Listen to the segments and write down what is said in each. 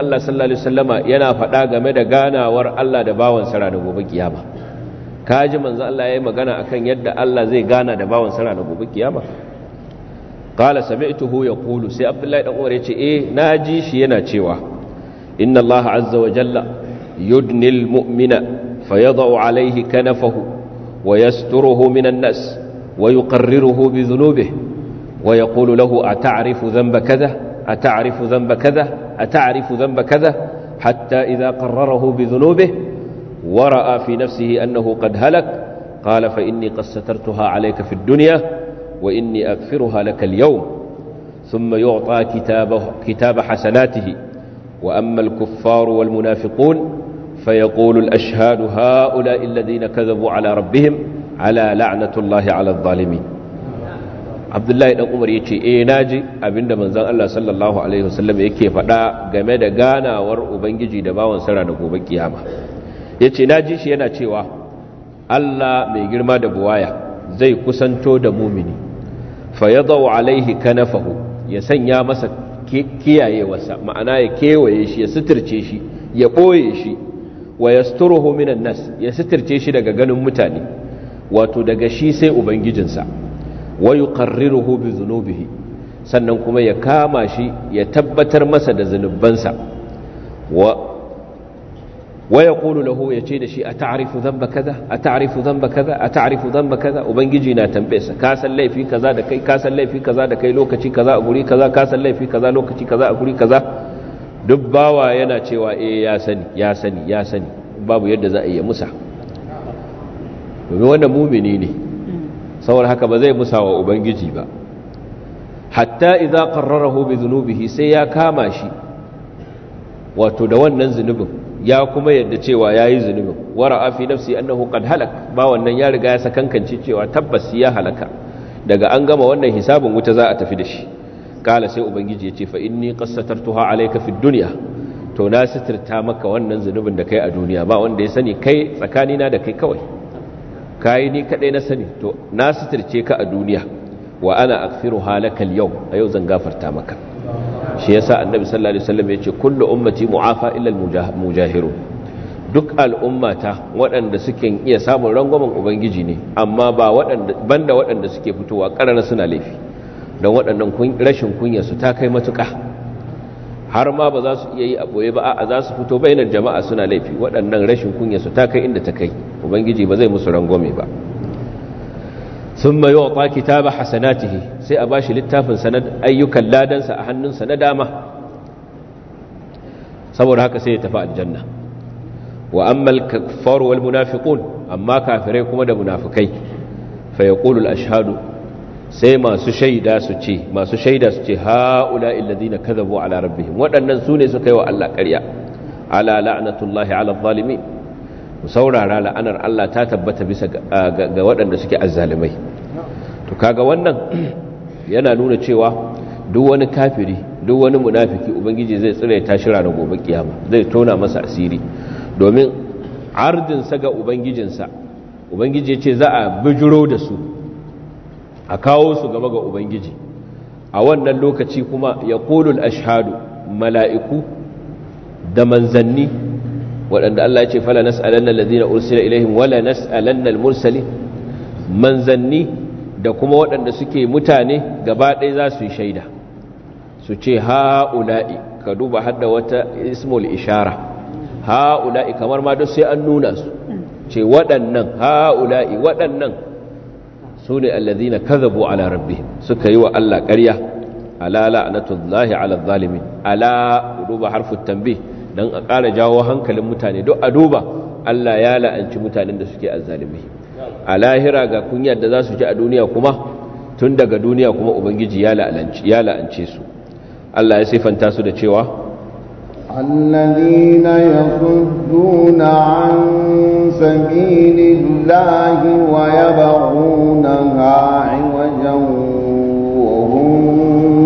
Allah sallallahu alaihi wasallama yana faɗa game da ganawar Allah da bawan sara da gobe kiyama kaji manzo Allah yayi magana akan yadda Allah zai gana da bawan sara da gobe kiyama qala sami'tuhu yaqulu sai Abdullahi dan uwar yace eh naji shi yana cewa inna Allah azza wa jalla yudnil mu'mina fayadau alayhi kanafahu wa yasturuhu minan nas wa yuqarriruhu bi dhunubihi wa yaqulu lahu ata'rifu dhanba kadha ata'rifu dhanba kadha أتعرف ذنب كذا حتى إذا قرره بذنوبه ورأى في نفسه أنه قد هلك قال فإني قد سترتها عليك في الدنيا وإني أغفرها لك اليوم ثم يعطى كتابه كتاب حسناته وأما الكفار والمنافقون فيقول الأشهاد هؤلاء الذين كذبوا على ربهم على لعنة الله على الظالمين abdullahi ɗan umar ya ce eh ji abinda manzon Allah sallallahu alaihi wasallam yake faɗa game da ganawar ubangiji da bawan sara da gobe kiyama Ya ce na ji shi yana cewa Allah mai girma da buwaya zai kusanto da mumini zau alaihi kanafahu ya sanya masa kiyayewarsa ma'ana ya kewaye shi ya suturce shi ya ɓoye shi wa yasturuhu minan nas ya suturce shi daga ganin mutane wato daga shi sai ubangijinsa wa yuqarriruhu bi dhunubihi sannan kuma ya kama shi ya tabbatar masa da zunubansa wa wa yaqulu lahu ce da shi a ata'rifu dhanba kaza ata'rifu dhanba kaza ata'rifu dhanba kaza ubangiji na tambayarsa ka san laifi kaza da kai ka san laifi kaza da kai lokaci kaza a guri kaza ka san laifi kaza lokaci kaza a guri kaza duk bawa yana cewa eh ya sani ya sani ya sani babu yadda za a yi musa domin wannan mumini ne saboda haka ba zai musa wa ubangiji ba hatta idza qarrarahu bi dhunubihi sai ya kama shi wato da wannan zunubin ya kuma yadda cewa yayi zunubin wara'a fi nafsi annahu qad halak ba wannan ya riga ya sakankance cewa tabbas ya halaka daga an gama wannan hisabin wuta za a tafi da shi kala sai ubangiji ya ce fa inni qassatartuha alayka fid dunya to na sitirta maka wannan zunubin da kai a duniya ba wanda ya sani kai tsakanina da kai kawai kayi ni kadai na sani to na sitirce ka a duniya wa ana aghfiru halakal yau a yau zan gafarta maka shi yasa annabi sallallahu alaihi wasallam yace kullu ummati mu'afa illa al-mujahirun duk al'ummata waɗanda suke iya samun rangwamen ubangiji ne amma ba waɗanda banda waɗanda suke fitowa ƙarara suna laifi don waɗannan rashin kunya su ta kai matuƙa har ma ba za su iya yi a ɓoye ba a za su fito bainar jama'a suna laifi waɗannan rashin kunya su ta kai inda ta kai ubangiji ba zai musu rangwame ba sun mai wa kitaba hasanatihi sai a bashi littafin sanad ayyukan ladansa a hannunsa na dama saboda haka sai ya tafi aljanna wa ammal kaffaru wal munafiqun amma kafirai kuma da munafikai fa yaqulu al ashhadu sai masu shaida su ce masu shaida su ce haula illazina kadhabu ala rabbihim waɗannan su ne suka yi wa Allah ƙarya ala la'natullahi ala zalimi saurara la'anar Allah ta tabbata bisa ga waɗanda suke azzalimai to kaga wannan yana nuna cewa duk wani kafiri duk wani munafiki ubangiji zai tsire ta shira na gobe kiyama zai tona masa asiri domin ardinsa ga ubangijinsa ubangiji ya ce za a bijiro da su a kawo su gaba ga ubangiji a wannan lokaci kuma ya kulul ashhadu mala'iku da manzanni waɗanda Allah ya ce fala nas'alanna allazina ursila ilaihim wala nas'alanna al-mursalin manzanni da kuma waɗanda suke mutane gaba ɗaya za su yi shaida su ce ha'ula'i ka duba hada wata ismul ishara ha'ula'i kamar ma duk sai an nuna su ce waɗannan ha'ula'i waɗannan su ne allazina kazabu ala rabbihim suka yi wa Allah ƙarya ala la'natullahi ala zalimin ala duba harfin tambih dan a ƙara jawo hankalin mutane duk a duba Allah ya la'anci mutanen da suke azzalimi a lahira ga kunyar da za su ji a duniya kuma tun daga duniya kuma ubangiji ya la'ance su Allah ya sifanta su da cewa الذين يصدون عن سبيل الله ويبغونها عوجا وهم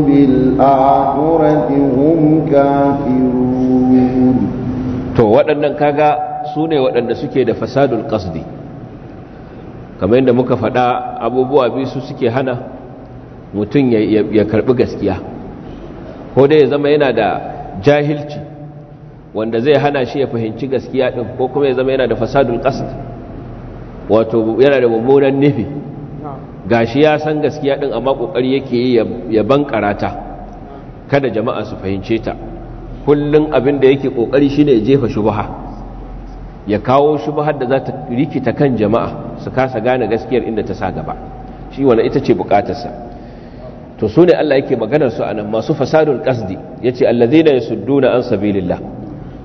بالآخرة هم كافرون to waɗannan kaga su ne waɗanda suke da fasadun ƙasdi kamar yadda muka faɗa abubuwa biyu su suke hana mutum ya karɓi gaskiya ko dai ya zama yana da jahilci wanda zai hana shi ya fahimci gaskiya din ko kuma ya zama yana da fasadul qasd wato yana da mummunan nufi gashi ya san gaskiya ɗin amma kokari yake yi ya ban ta kada jama'a su fahimce ta Kullum abin da yake kokari shine ya jefa shubaha ya kawo shubahar da za ta rikita kan jama'a su kasa gane gaskiyar inda ta sa gaba shi wani ita ce bukatarsa to su ne Allah yake maganar su anan masu fasadul qasdi yace allazina yasudduna an sabilillah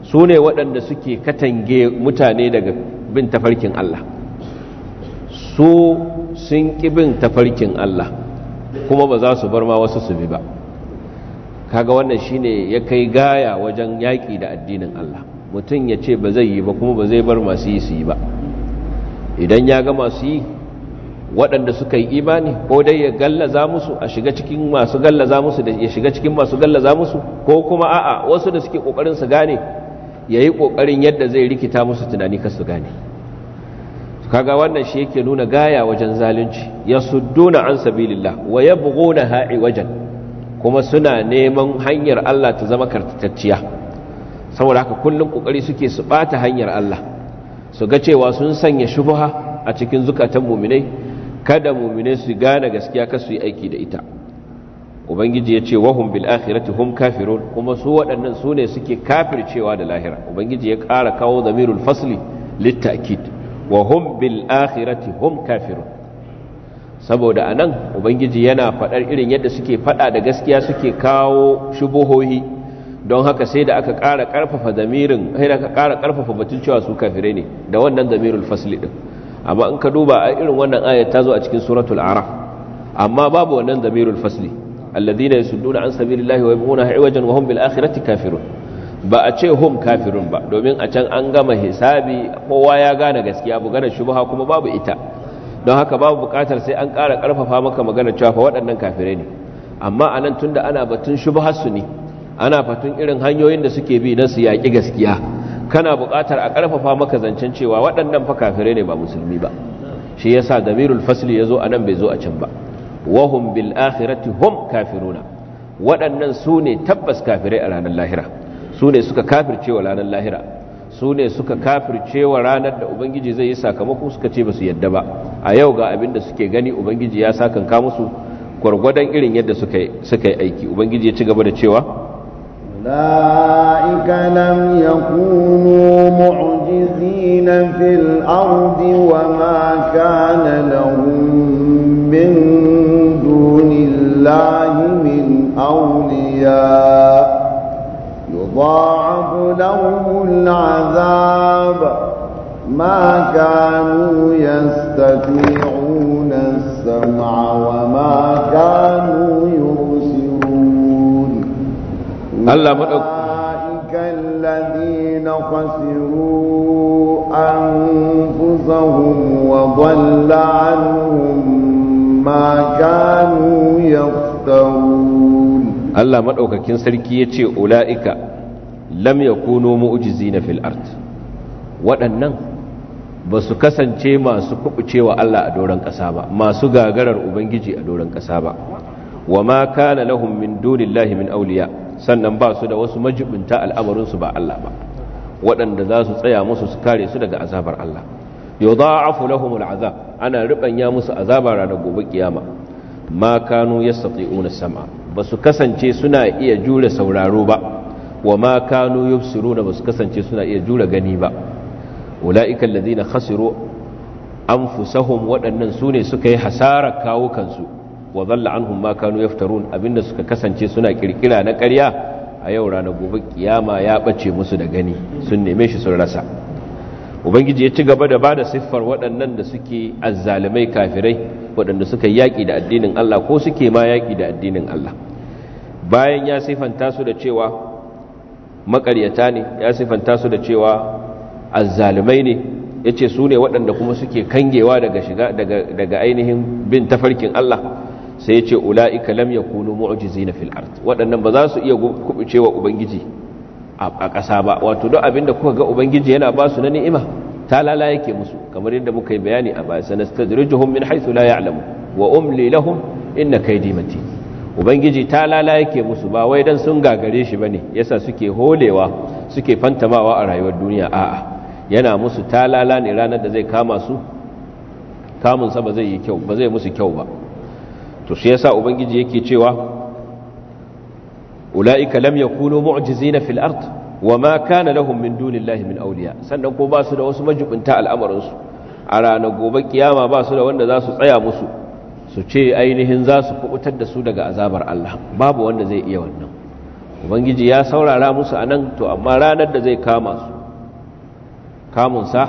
su ne waɗanda suke katange mutane daga bin tafarkin Allah su sun ƙi bin tafarkin Allah kuma ba za su bar ma wasu su bi ba kaga wannan shine ya kai gaya wajen yaƙi da addinin Allah mutum ya ce ba zai yi ba kuma ba zai bar masu yi su yi ba idan ya ga masu yi waɗanda suka yi imani ko dai ya gallaza musu a shiga cikin masu gallaza musu da ya shiga cikin masu gallaza musu ko kuma a'a wasu da suke ƙoƙarin su gane ya yi ƙoƙarin yadda zai rikita musu tunani kasu gane kaga wannan shi yake nuna gaya wajen zalunci ya sudduna an sabilillah wa ya ha'i wajen kuma suna neman hanyar Allah ta zama kartatacciya saboda haka kullum ƙoƙari suke su ɓata hanyar Allah su ga cewa sun sanya shubha a cikin zukatan muminai kada muminai su gane gaskiya kasu yi aiki da ita ubangiji ya ce wahum bil akhirati hum kafirun kuma su waɗannan su ne suke kafircewa da lahira ubangiji ya ƙara kawo zamirul fasli littakid wa hum bil akhirati hum kafirun saboda anan ubangiji yana faɗar irin yadda suke faɗa da gaskiya suke kawo shubuhohi don haka sai da aka ƙara ƙarfafa zamirin sai da aka ƙara ƙarfafa batun cewa su kafirai ne da wannan zamirul fasli din amma in ka duba a irin wannan ayat ta zo a cikin suratul araf amma babu wannan zamirul fasli alladhina yasudduna an sabilillahi wa yabghunaha iwajan wa hum bil akhirati kafirun ba a ce hum kafirun ba domin a can an gama hisabi kowa ya gane gaskiya buganar shubha kuma babu ita don haka babu bukatar sai an kara karfafa maka maganar cewa fa waɗannan kafirai ne amma a nan tunda ana batun shubhar su ne ana fatun irin hanyoyin da suke bi na su yaƙi gaskiya kana buƙatar a karfafa maka zancen cewa waɗannan fa kafirai ne ba musulmi ba shi yasa damirul fasli yazo a nan bai zo a can ba wahum bil akhirati hum kafiruna waɗannan su ne tabbas kafirai a ranar lahira su ne suka kafirce wa ranar lahira su ne suka kafirce wa ranar da ubangiji zai yi sakamako suka ce ba su yadda ba a yau ga abin da suke gani ubangiji ya sakanka musu gwargwadon irin yadda suka yi aiki ubangiji ya ci gaba da cewa أولئك لم يكونوا معجزين في الأرض وما كان لهم من الله من أولياء يضاعف لهم العذاب ما كانوا يستطيعون السمع وما كانوا يبصرون أولئك الذين خسروا أنفسهم وضل عنهم بما Allah maɗaukakin Sarki ya ce يتي أولئك لم يكونوا مؤجزين na الأرض waɗannan ba su kasance masu kuɓucewa Allah a doron ƙasa ba masu gagarar Ubangiji a doron ƙasa ba wa ma kana lahum min dunillahi min auliya sannan ba su da wasu majibinta al'amarinsu ba Allah ba waɗanda za su tsaya musu su kare su daga azabar Allah yudha'afu lahum al'azab ana rubanya musu azaba ranar gobe kiyama ma kanu yastati'una sam'a basu kasance suna iya jure sauraro ba wa ma kanu yubsiruna basu kasance suna iya jure gani ba ulaika alladhina khasiru anfusahum waɗannan su ne suka yi hasarar kawo kansu wa zalla anhum ma kanu yaftarun abinda suka kasance suna kirkira na ƙarya a yau ranar gobe kiyama ya ɓace musu da gani sun neme shi sun rasa ubangiji ya ci gaba da ba da siffar waɗannan da suke azzalimai kafirai waɗanda suka yaƙi da addinin Allah ko suke ma yaƙi da addinin Allah bayan ya siffanta su da cewa maƙaryata ne ya siffanta su da cewa azzalimai ne ya ce su ne waɗanda kuma suke kangewa daga shiga daga ainihin bin tafarkin Allah sai ya ce ula'ika lam yakunu mu'jizina fil ard waɗannan ba za su iya kubucewa ubangiji a ƙasa ba wato duk abin da kuka ga ubangiji yana ba su na ni'ima ta lala yake musu kamar yadda muka yi bayani a bayan baya sanastadrijuhum min haisu la alamu wa umli lahum inna kai dimati ubangiji ta lala yake musu ba wai don sun gagare shi bane yasa suke holewa suke fantamawa a rayuwar duniya a'a yana musu ta lala ne ranar da zai kama su kamunsa ba zai yi kyau ba zai musu kyau ba to shi yasa ubangiji yake cewa ula'ika lam yakunu mu'jizina fil ard wa makana kana lahum min dunillahi min sannan ko ba su da wasu majibinta al'amarin a rana gobe kiyama basu da wanda zasu tsaya musu su ce ainihin zasu su kubutar da su daga azabar Allah babu wanda zai iya wannan ubangiji ya saurara musu nan to amma ranar da zai kama su kamun sa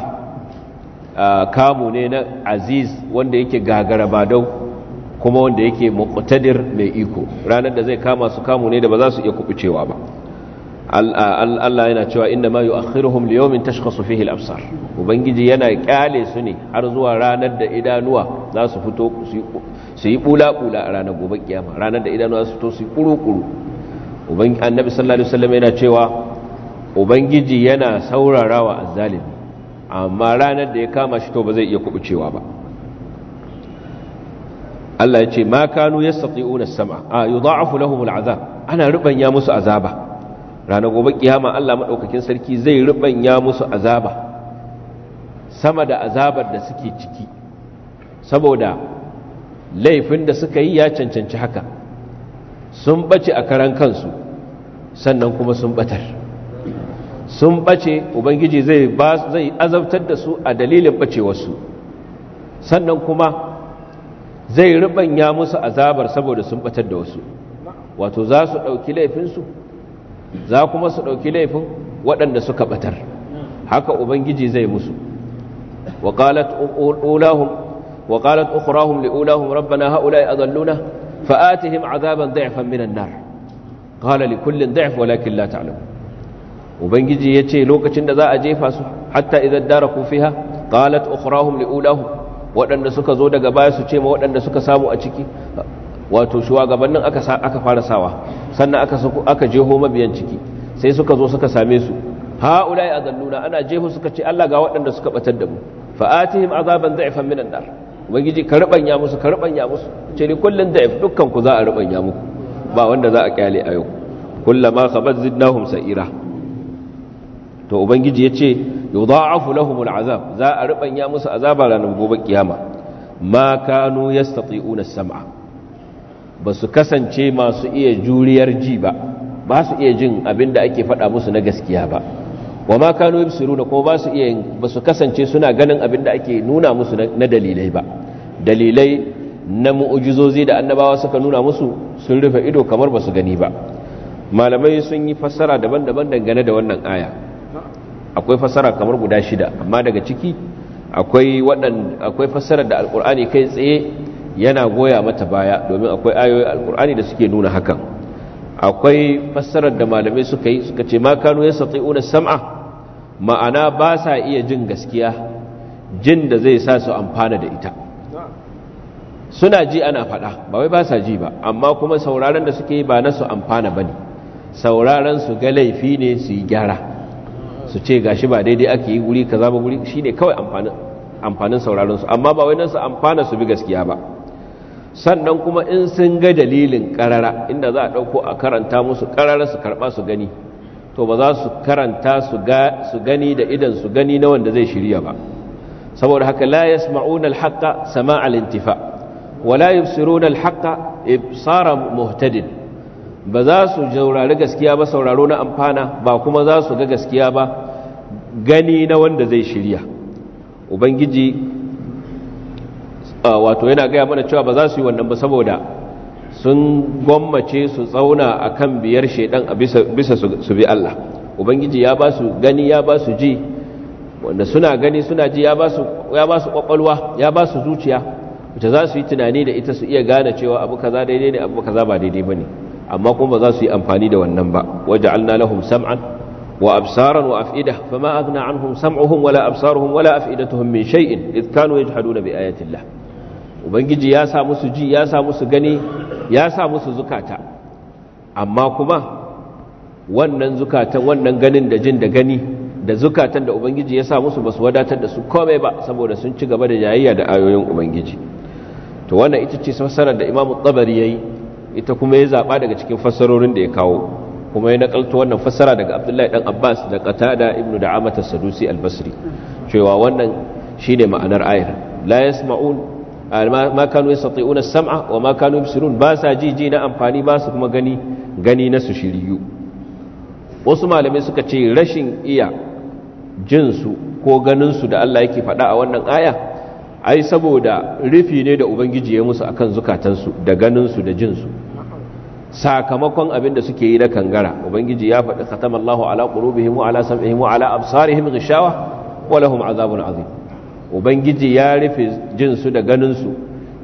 kamu ne na aziz wanda yake gagara badau kuma wanda yake muqtadir mai iko ranar da zai kama su kamu ne da ba za su iya kubucewa ba Allah yana cewa inna ma yu'akhiruhum li yawmin tashkhasu fihi al-absar ubangiji yana kyale su ne har zuwa ranar da idanuwa za su fito su yi bula bula a ranar gobe kiyama ranar da idanuwa su fito su yi kuru kuru ubangiji annabi sallallahu alaihi wasallam yana cewa ubangiji yana saurarawa azzalimi amma ranar da ya kama shi to ba zai iya kubucewa ba Allah ya ce ma kanu yastati'una as-sam'a a yudha'afu lahum al'azab ana rubanya musu azaba ranar gobe kiyama Allah madaukakin sarki zai rubanya musu azaba sama da azabar da suke ciki saboda laifin da suka yi ya cancanci haka sun bace a karan kansu sannan kuma sun batar sun bace ubangiji zai azabtar da su a dalilin ɓacewarsu sannan kuma zai ribanya musu azabar saboda sun batar da wasu wato za su ɗauki laifinsu za kuma su ɗauki laifin waɗanda suka batar haka ubangiji zai musu waƙalat ukurahun li'ulahun rabbana haulai a zalluna fa'atihim azaban da'ifan minan nar ƙala li kullum da'if la ta'alam ubangiji ya ce lokacin da za a jefa su hatta idan dara ku fiha ƙalat ukurahun li'ulahun waɗanda suka zo daga baya su ce ma waɗanda suka samu a ciki wato shugabannin aka aka fara sawa sannan aka aka jeho mabiyan ciki sai suka zo suka same su ha ulai azalluna ana jeho suka ce Allah ga waɗanda suka batar da mu fa atihim azaban da'ifan minan nar ubangiji ka rubanya musu ka rubanya musu ce ni kullun da'if dukkan ku za a rubanya muku ba wanda za a kyale a yau kullama khabat zidnahum sa'ira to ubangiji yace yudha'afu lahum al'azab za a rubanya musu azaba ranar gobe kiyama ma kanu yastati'una sam'a basu kasance masu iya juriyar ji ba ba su iya jin abinda ake faɗa musu na gaskiya ba wa ma kanu yabsiruna kuma ba su iya basu kasance suna ganin abinda ake nuna musu na dalilai ba dalilai na mu'ujizozi da annabawa suka nuna musu sun rufe ido kamar basu gani ba malamai sun yi fassara daban-daban dangane da wannan aya akwai fasara kamar guda shida amma daga ciki akwai waɗan fasarar da alkur'ani kai tsaye yana goya mata baya domin akwai ayoyi alkur'ani da suke nuna hakan akwai fasarar da malamai suka yi suka ce ma kanu una sam'a ma'ana ba sa iya jin gaskiya jin da zai sa su amfana da ita suna ji ana faɗa ba wai ba sa ji ba amma kuma sauraron da suke yi ba na su amfana bane sauraron su ga laifi ne su yi gyara su ce gashi ba daidai ake yi guri kaza ba guri shine kawai amfanin amfanin sauraron su amma ba wai nan su amfana su bi gaskiya ba sannan kuma in sun ga dalilin karara inda za a ɗauko a karanta musu karara su karba su gani to ba za su karanta su gani da idan su gani na wanda zai shirya ba saboda haka la yasma'una al-haqqa sama'a al-intifa wa la yubsiruna al-haqqa ibsara muhtadin ba za su jaurari gaskiya ba sauraro na amfana ba kuma za su ga gaskiya ba gani na wanda zai shirya ubangiji wato yana gaya mana cewa ba za su yi wannan ba saboda sun gwammace su tsauna a kan biyar shaidan a bisa su bi Allah ubangiji ya ba su gani ya ba su ji wanda suna gani suna ji ya ba su kwakwalwa ya ba su zuciya wacce za su yi tunani da ita su iya gane cewa abu kaza daidai ne abu kaza ba daidai ba ne amma kuma ba za su yi amfani da wannan ba Waje waja'alna lahum sam'an wa absaran wa af'idah fama aghna anhum sam'uhum wala absaruhum wala af'idatuhum min shay'in id kanu yajhaduna bi ayatillah ubangiji ya sa musu ji ya sa musu gani ya sa musu zukata amma kuma wannan zukatan wannan ganin da jin da gani da zukatan da ubangiji ya sa musu basu wadatar da su komai ba saboda sun ci gaba da jayayya da ayoyin ubangiji to wannan ita ce fassarar da imamu tabari yayi ita kuma ya zaɓa daga cikin fassarorin da ya kawo kuma ya nakalto wannan fassara daga abdullahi dan abbas da qatada ibnu da as-sadusi al cewa wannan shine ma'anar ayar la yasma'un ma kanu yastati'una as-sam'a wa ma kanu yubsirun ba sa jiji na amfani ba su kuma gani gani na su shiriyu wasu malamai suka ce rashin iya jinsu ko ganinsu da Allah yake faɗa a wannan aya ai saboda rufi ne da ubangiji ya musu akan zukatansu da ganin su da jin su sakamakon abin da suke yi na kangara ubangiji ya faɗi allahu ala qulubihim wa ala sam'ihim wa ala absarihim ghishawa wa lahum azabun azim ubangiji ya rufe jin su da ganin su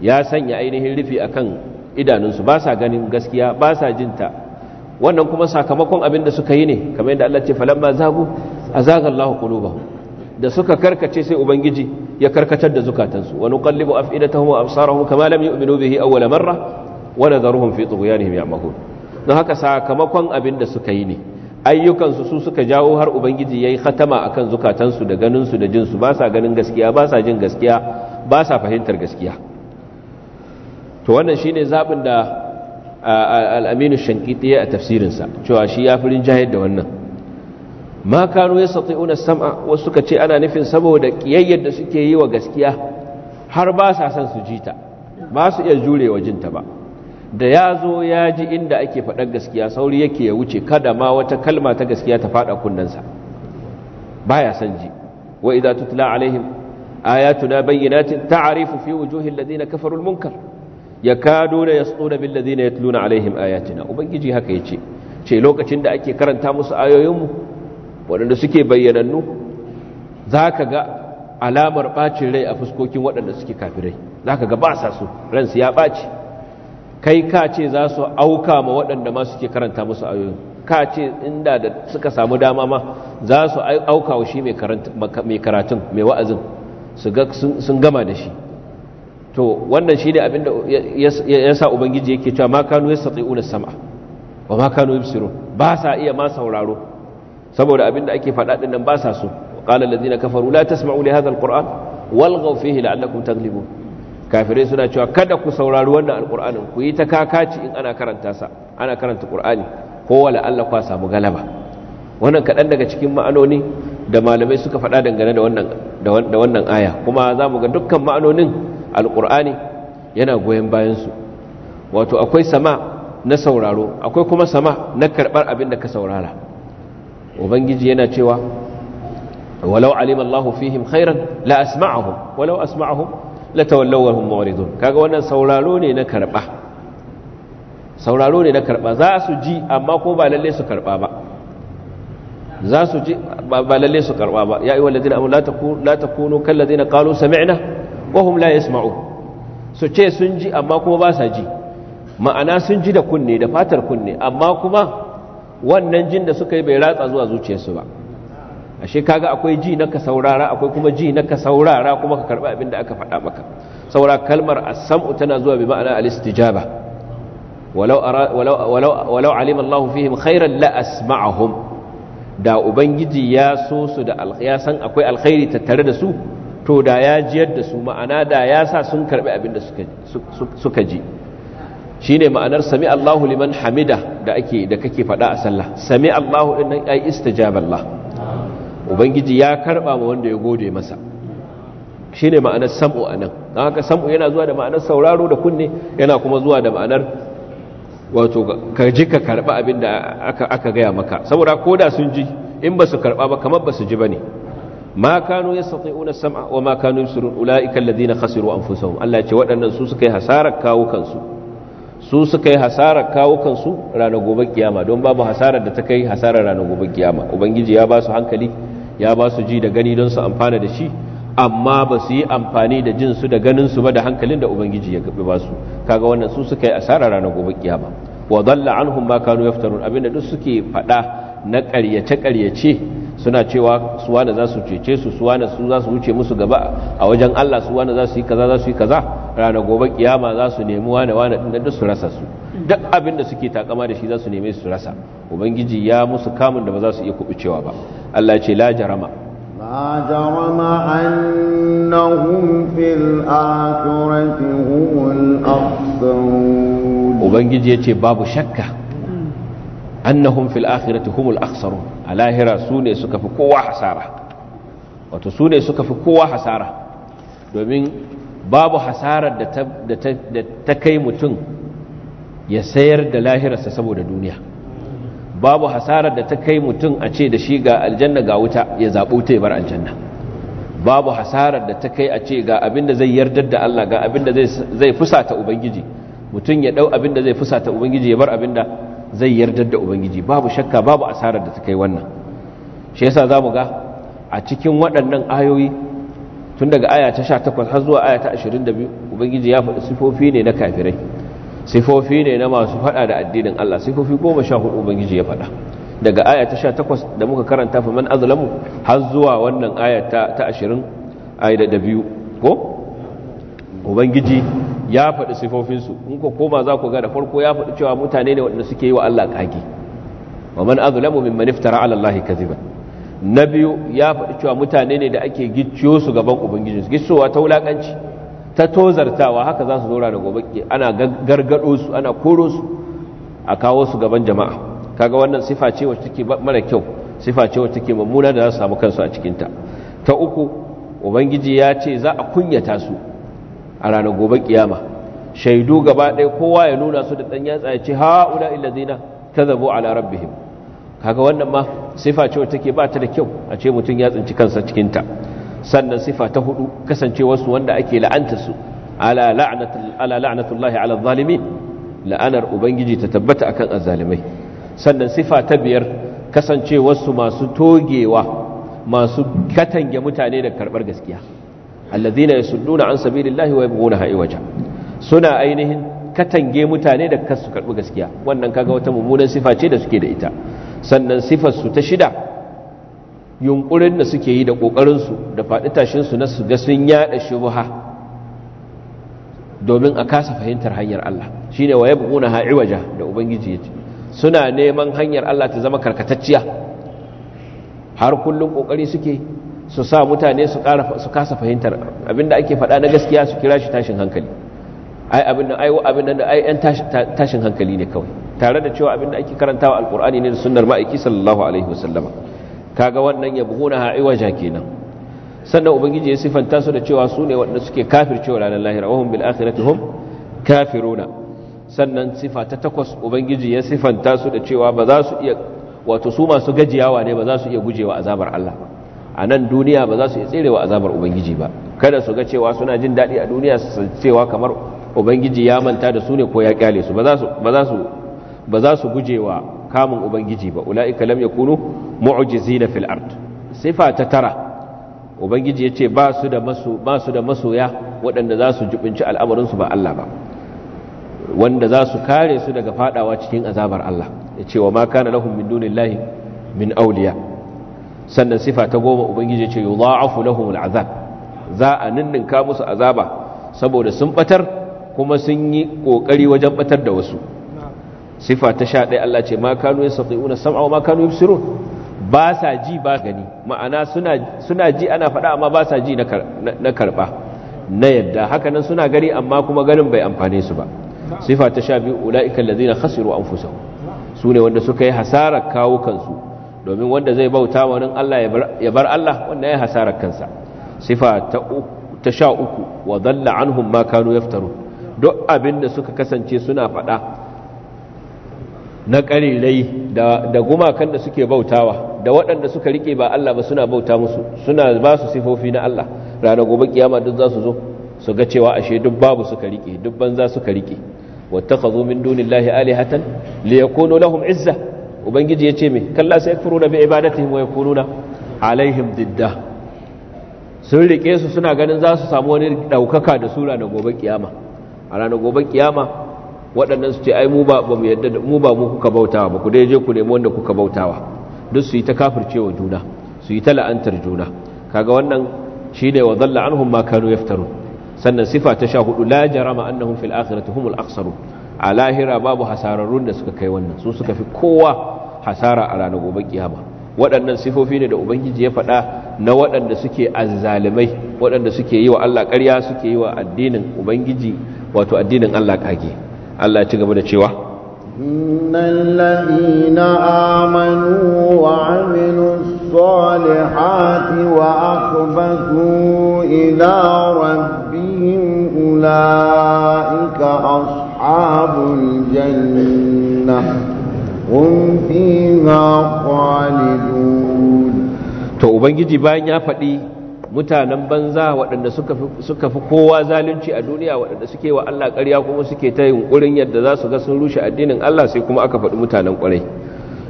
ya sanya ainihin rufi akan idanun su ba sa ganin gaskiya ba sa jinta. wannan kuma sakamakon abin da suka yi ne kamar yadda Allah ce falamma zagu allahu qulubahum da suka karkace sai ubangiji ya karkatar da zukatansu wa nuqallibu af'idatahum wa absarahum kama lam yu'minu bihi awwala marra wa nazaruhum fi ya ya'mahun don haka sakamakon abin da suka yi ne ayyukansu su suka jawo har ubangiji ya yi khatama akan zukatansu da ganinsu da jinsu ba sa ganin gaskiya ba sa jin gaskiya ba sa fahimtar gaskiya to wannan shine zabin da al'aminu aminu shankiti ya a tafsirinsa cewa shi ya fi jahil da wannan ma kanu ya sam'a wasu suka ce ana nufin saboda kiyayyar da suke yi wa gaskiya har ba sa son su jita ba su iya jure wa jinta ba da ya zo ya ji inda ake faɗar gaskiya sauri yake ya wuce kada ma wata kalma ta gaskiya ta faɗa kunnensa ya san ji wa idza tutla alaihim ayatuna bayyinatin ta'rifu fi wujuhil ladina kafaru almunkar yakaduna yasquna bil ladina yatluna alaihim ayatina ubangiji haka yace ce lokacin da ake karanta musu ayoyinmu waɗanda suke bayyanannu zaka ga alamar bacin rai a fuskokin waɗanda suke kafirai zaka ga ba sa su ransu ya baci kai ka ce za su auka ma waɗanda ma suke karanta musu ayoyin ka ce inda da suka samu dama ma za su auka wa shi mai karatun mai wa'azin sun gama da shi to wannan shi ne abinda ya sa ubangiji yake cewa ma ya satsi unar sama wa ma ya bisiru ba sa iya ma sauraro saboda abinda ake faɗaɗin nan ba sa so ƙalar lalzina kafaru la tasma'u ne hazar alquran walghaw fihi la'allakum taglibun kafirai suna cewa kada ku saurari wannan alƙur'anin ku yi ta kakaci in ana karanta sa ana karanta ƙur'ani ko wala Allah kwa samu galaba wannan kaɗan daga cikin ma'anoni da malamai suka faɗa dangane da wannan da wannan aya kuma za mu ga dukkan ma'anonin alƙur'ani yana goyon bayansu wato akwai sama na sauraro akwai kuma sama na karɓar abin da ka saurara ubangiji yana cewa walau alim Allahu fihim khairan la asma'ahum walau asma'ahum la tawallaw wa hum mu'ridun kaga wannan sauraro ne na karba sauraro ne na karba za su ji amma ko ba lalle su karba ba za su ji ba lalle su karba ba ya ayyuhal ladina amanu la takunu la takunu kal ladina qalu sami'na wa hum la yasma'u su ce sun ji amma kuma ba sa ji ma'ana sun ji da kunne da fatar kunne amma kuma wannan jin da suka yi bai ratsa zuwa zuciyarsu ba ashe kaga akwai ji na ka saurara akwai kuma ji na ka saurara kuma ka karba abin da aka faɗa maka saura kalmar asamu samu tana zuwa bi ma'ana al-istijaba walau walau walau alima Allah fihim khairan la asma'ahum da ubangiji ya so su da akwai alkhairi tattare da su to da ya jiyar da su ma'ana da ya sa sun karbi abin da suka ji shine ma'anar sami Allahu liman hamida da ake da kake faɗa a sallah sami Allahu ɗin nan ai istijaballah ubangiji ya karba ma wanda ya gode masa Shi ne ma'anar sam'u anan don haka sam'u yana zuwa da ma'anar sauraro da kunne yana kuma zuwa da ma'anar wato ka ji ka karba abin da aka gaya maka saboda ko da sun ji in ba su karba ba kamar ba su ji ba ne ma kanu yastati'una sam'a wa ma kanu yusirun ulaika alladhina khasiru anfusahum Allah ce waɗannan su suka yi hasarar kawo su suka yi hasarar kawo kansu ranar gobe kiyama don babu hasarar da ta kai hasarar ranar gobe kiyama ubangiji ya ba su hankali ya ba su ji da gani don su amfana da shi amma ba su yi amfani da jin su da ganin su ba da hankalin da ubangiji ya gabe ba su kaga wannan su suka yi asara ranar gobe kiyama wa dalla anhum ma kanu yaftarun abinda duk suke faɗa na ƙaryace ƙaryace suna cewa su wane za su cece su su su za su wuce musu gaba a wajen Allah su wane za su yi kaza za su yi kaza ranar gobe kiyama za su nemi wani wane din da duk su rasa su duk abin da suke takama da shi za su neme su rasa ubangiji ya musu kamun da ba za su iya kubucewa ba Allah ce la jarama la jarama annahum fil akhirati humul akhsarun ubangiji ya ce babu shakka annahum fil akhirati humul akhsarun a lahira su suka fi kowa hasara wato sune suka fi kowa hasara domin babu hasarar da ta kai mutum ya sayar da lahirarsa saboda duniya babu hasarar da ta kai mutum a ce da shi ga aljanna ga wuta ya zaɓo ta bar aljanna babu hasarar da ta kai a ce ga abin da zai yardar da Allah ga abin da zai fusata ubangiji mutum ya ɗau abin da zai fusata ubangiji ya bar abin da zai yardar da ubangiji babu shakka babu asarar da ta kai wannan shi yasa za mu ga a cikin waɗannan ayoyi tun daga aya ta 18 har zuwa aya ta 22 ubangiji ya faɗi sifofi ne na kafirai sifofi ne na masu fada da addinin Allah sifofi goma sha hudu ubangiji ya fada daga aya ta sha takwas da muka karanta fa man azlamu har zuwa wannan aya ta ashirin aya da biyu ko ubangiji ya faɗi sifofinsu in ko koma za ku ga da farko ya faɗi cewa mutane ne waɗanda suke yi wa Allah kagi wa man azlamu mimman iftara ala Allah kadhiban na biyu ya faɗi cewa mutane ne da ake gicciyo su gaban ubangijinsu gissowa ta wulakanci ta tozartawa haka za su zora da gobe ana gargado su ana koro su a kawo su gaban jama'a kaga wannan sifa ce wacce take mara kyau sifa ce wacce take mummuna da za su samu kansu a cikinta ta uku ubangiji ya ce za a kunyata su a ranar gobe kiyama shaidu gaba ɗaya kowa ya nuna su da ɗan yatsa ya ce ha, ha'ula illazina kadhabu ala rabbihim kaga wannan ma sifa ce wacce take ba ta da kyau a ce mutum ya tsinci kansa cikinta sannan sifa ta hudu kasancewarsu wanda ake la'antarsu ala la'anatullahi ala zalimin la'anar ubangiji ta tabbata akan azzalimai sannan sifa ta biyar kasancewarsu masu togewa masu katange mutane da karbar gaskiya allazina yasudduna an sabilillahi wa yabghuna ha'iwaja suna ainihin katange mutane da kasu karbi gaskiya wannan kaga wata mummunan sifa ce da suke da ita sannan sifar su ta shida yunkurin da suke yi da ƙoƙarinsu da faɗi tashinsu na su ga sun yaɗa shubuha domin a kasa fahimtar hanyar Allah shi ne wa ya buƙuna da Ubangiji ya ce suna neman hanyar Allah ta zama karkatacciya har kullum ƙoƙari suke su sa mutane su kasa fahimtar abinda ake faɗa na gaskiya su kira shi tashin hankali ai abin nan ai abin nan ai ɗan tashin hankali ne kawai tare da cewa abin da ake karantawa alƙur'ani ne da sunnar ma'aiki sallallahu alaihi wasallama kaga wannan ya buhuna ha'i waja kenan sannan ubangiji ya sifanta su da cewa su ne waɗanda suke kafircewa ranar lahira wahum bil akhirati hum kafiruna sannan sifa ta takwas ubangiji ya sifanta su da cewa ba za su iya wato su masu gajiyawa ne ba za su iya gujewa azabar Allah ba a nan duniya ba za su iya tserewa azabar ubangiji ba kada su ga cewa suna jin daɗi a duniya su san cewa kamar ubangiji ya manta da su ne ko ya kyale su ba za su gujewa kamun ubangiji ba ula'ika lam yakunu mu'jizina fil ard sifa ta tara ubangiji ya ce ba su da maso ba su da masoya waɗanda za su jubinci al'amarin su ba Allah ba wanda za su kare su daga fadawa cikin azabar Allah ya ce wa ma kana lahum min dunillahi min awliya sannan sifa ta goma ubangiji ya ce yudha'afu lahum al'azab za a ninninka musu azaba saboda sun batar kuma sun yi kokari wajen batar da wasu sifa ta sha ɗaya Allah ce ma kanu ya una sam'a ma kanu ya sirun ba sa ji ba gani ma'ana suna ji ana faɗa amma ba sa ji na karɓa na yadda hakanan suna gani amma kuma ganin bai amfane su ba sifa ta sha biyu ula'ika lazina khasiru anfusahum su ne wanda suka yi hasarar kawo kansu domin wanda zai bauta wa nan Allah ya bar Allah wanda ya hasarar kansa sifa ta sha uku wa dalla anhum ma kanu yaftaru duk abin da suka kasance suna faɗa na ƙarirai da gumakan da suke bautawa da waɗanda suka rike ba Allah ba suna bauta musu suna ba su sifofi na Allah ranar gobe kiyama duk za su zo su ga cewa ashe duk babu suka riƙe duk banza suka rike wattakhadhu min dunillahi alihatan liyakunu lahum izza ubangiji ce me kalla sai yakfuruna bi ibadatihim wa yakununa alaihim didda sun rike su suna ganin za su samu wani daukaka da su na gobe kiyama a ranar gobe kiyama waɗannan su ce ai mu ba mu yadda mu ba mu kuka bautawa ba ku dai je ku nemi wanda kuka bautawa duk su yi ta kafircewa juna su yi ta la'antar juna kaga wannan shine wa dhalla anhum ma kanu yaftarun sannan sifa ta sha hudu la jarama annahum fil akhirati humul a lahira babu hasararru da suka kai wannan su suka fi kowa hasara a ranar gobe kiyama waɗannan sifofi ne da ubangiji ya faɗa na waɗanda suke azzalimai waɗanda suke yi wa Allah ƙarya suke yi wa addinin ubangiji wato addinin Allah kage Allah ya ci gaba da cewa innal ladina amanu wa amilus salihati wa aqbatu to ubangiji bayan ya faɗi mutanen banza waɗanda suka fi kowa zalunci a duniya waɗanda suke wa Allah ƙarya kuma suke ta yunƙurin yadda za su ga sun rushe addinin Allah sai kuma aka faɗi mutanen ƙwarai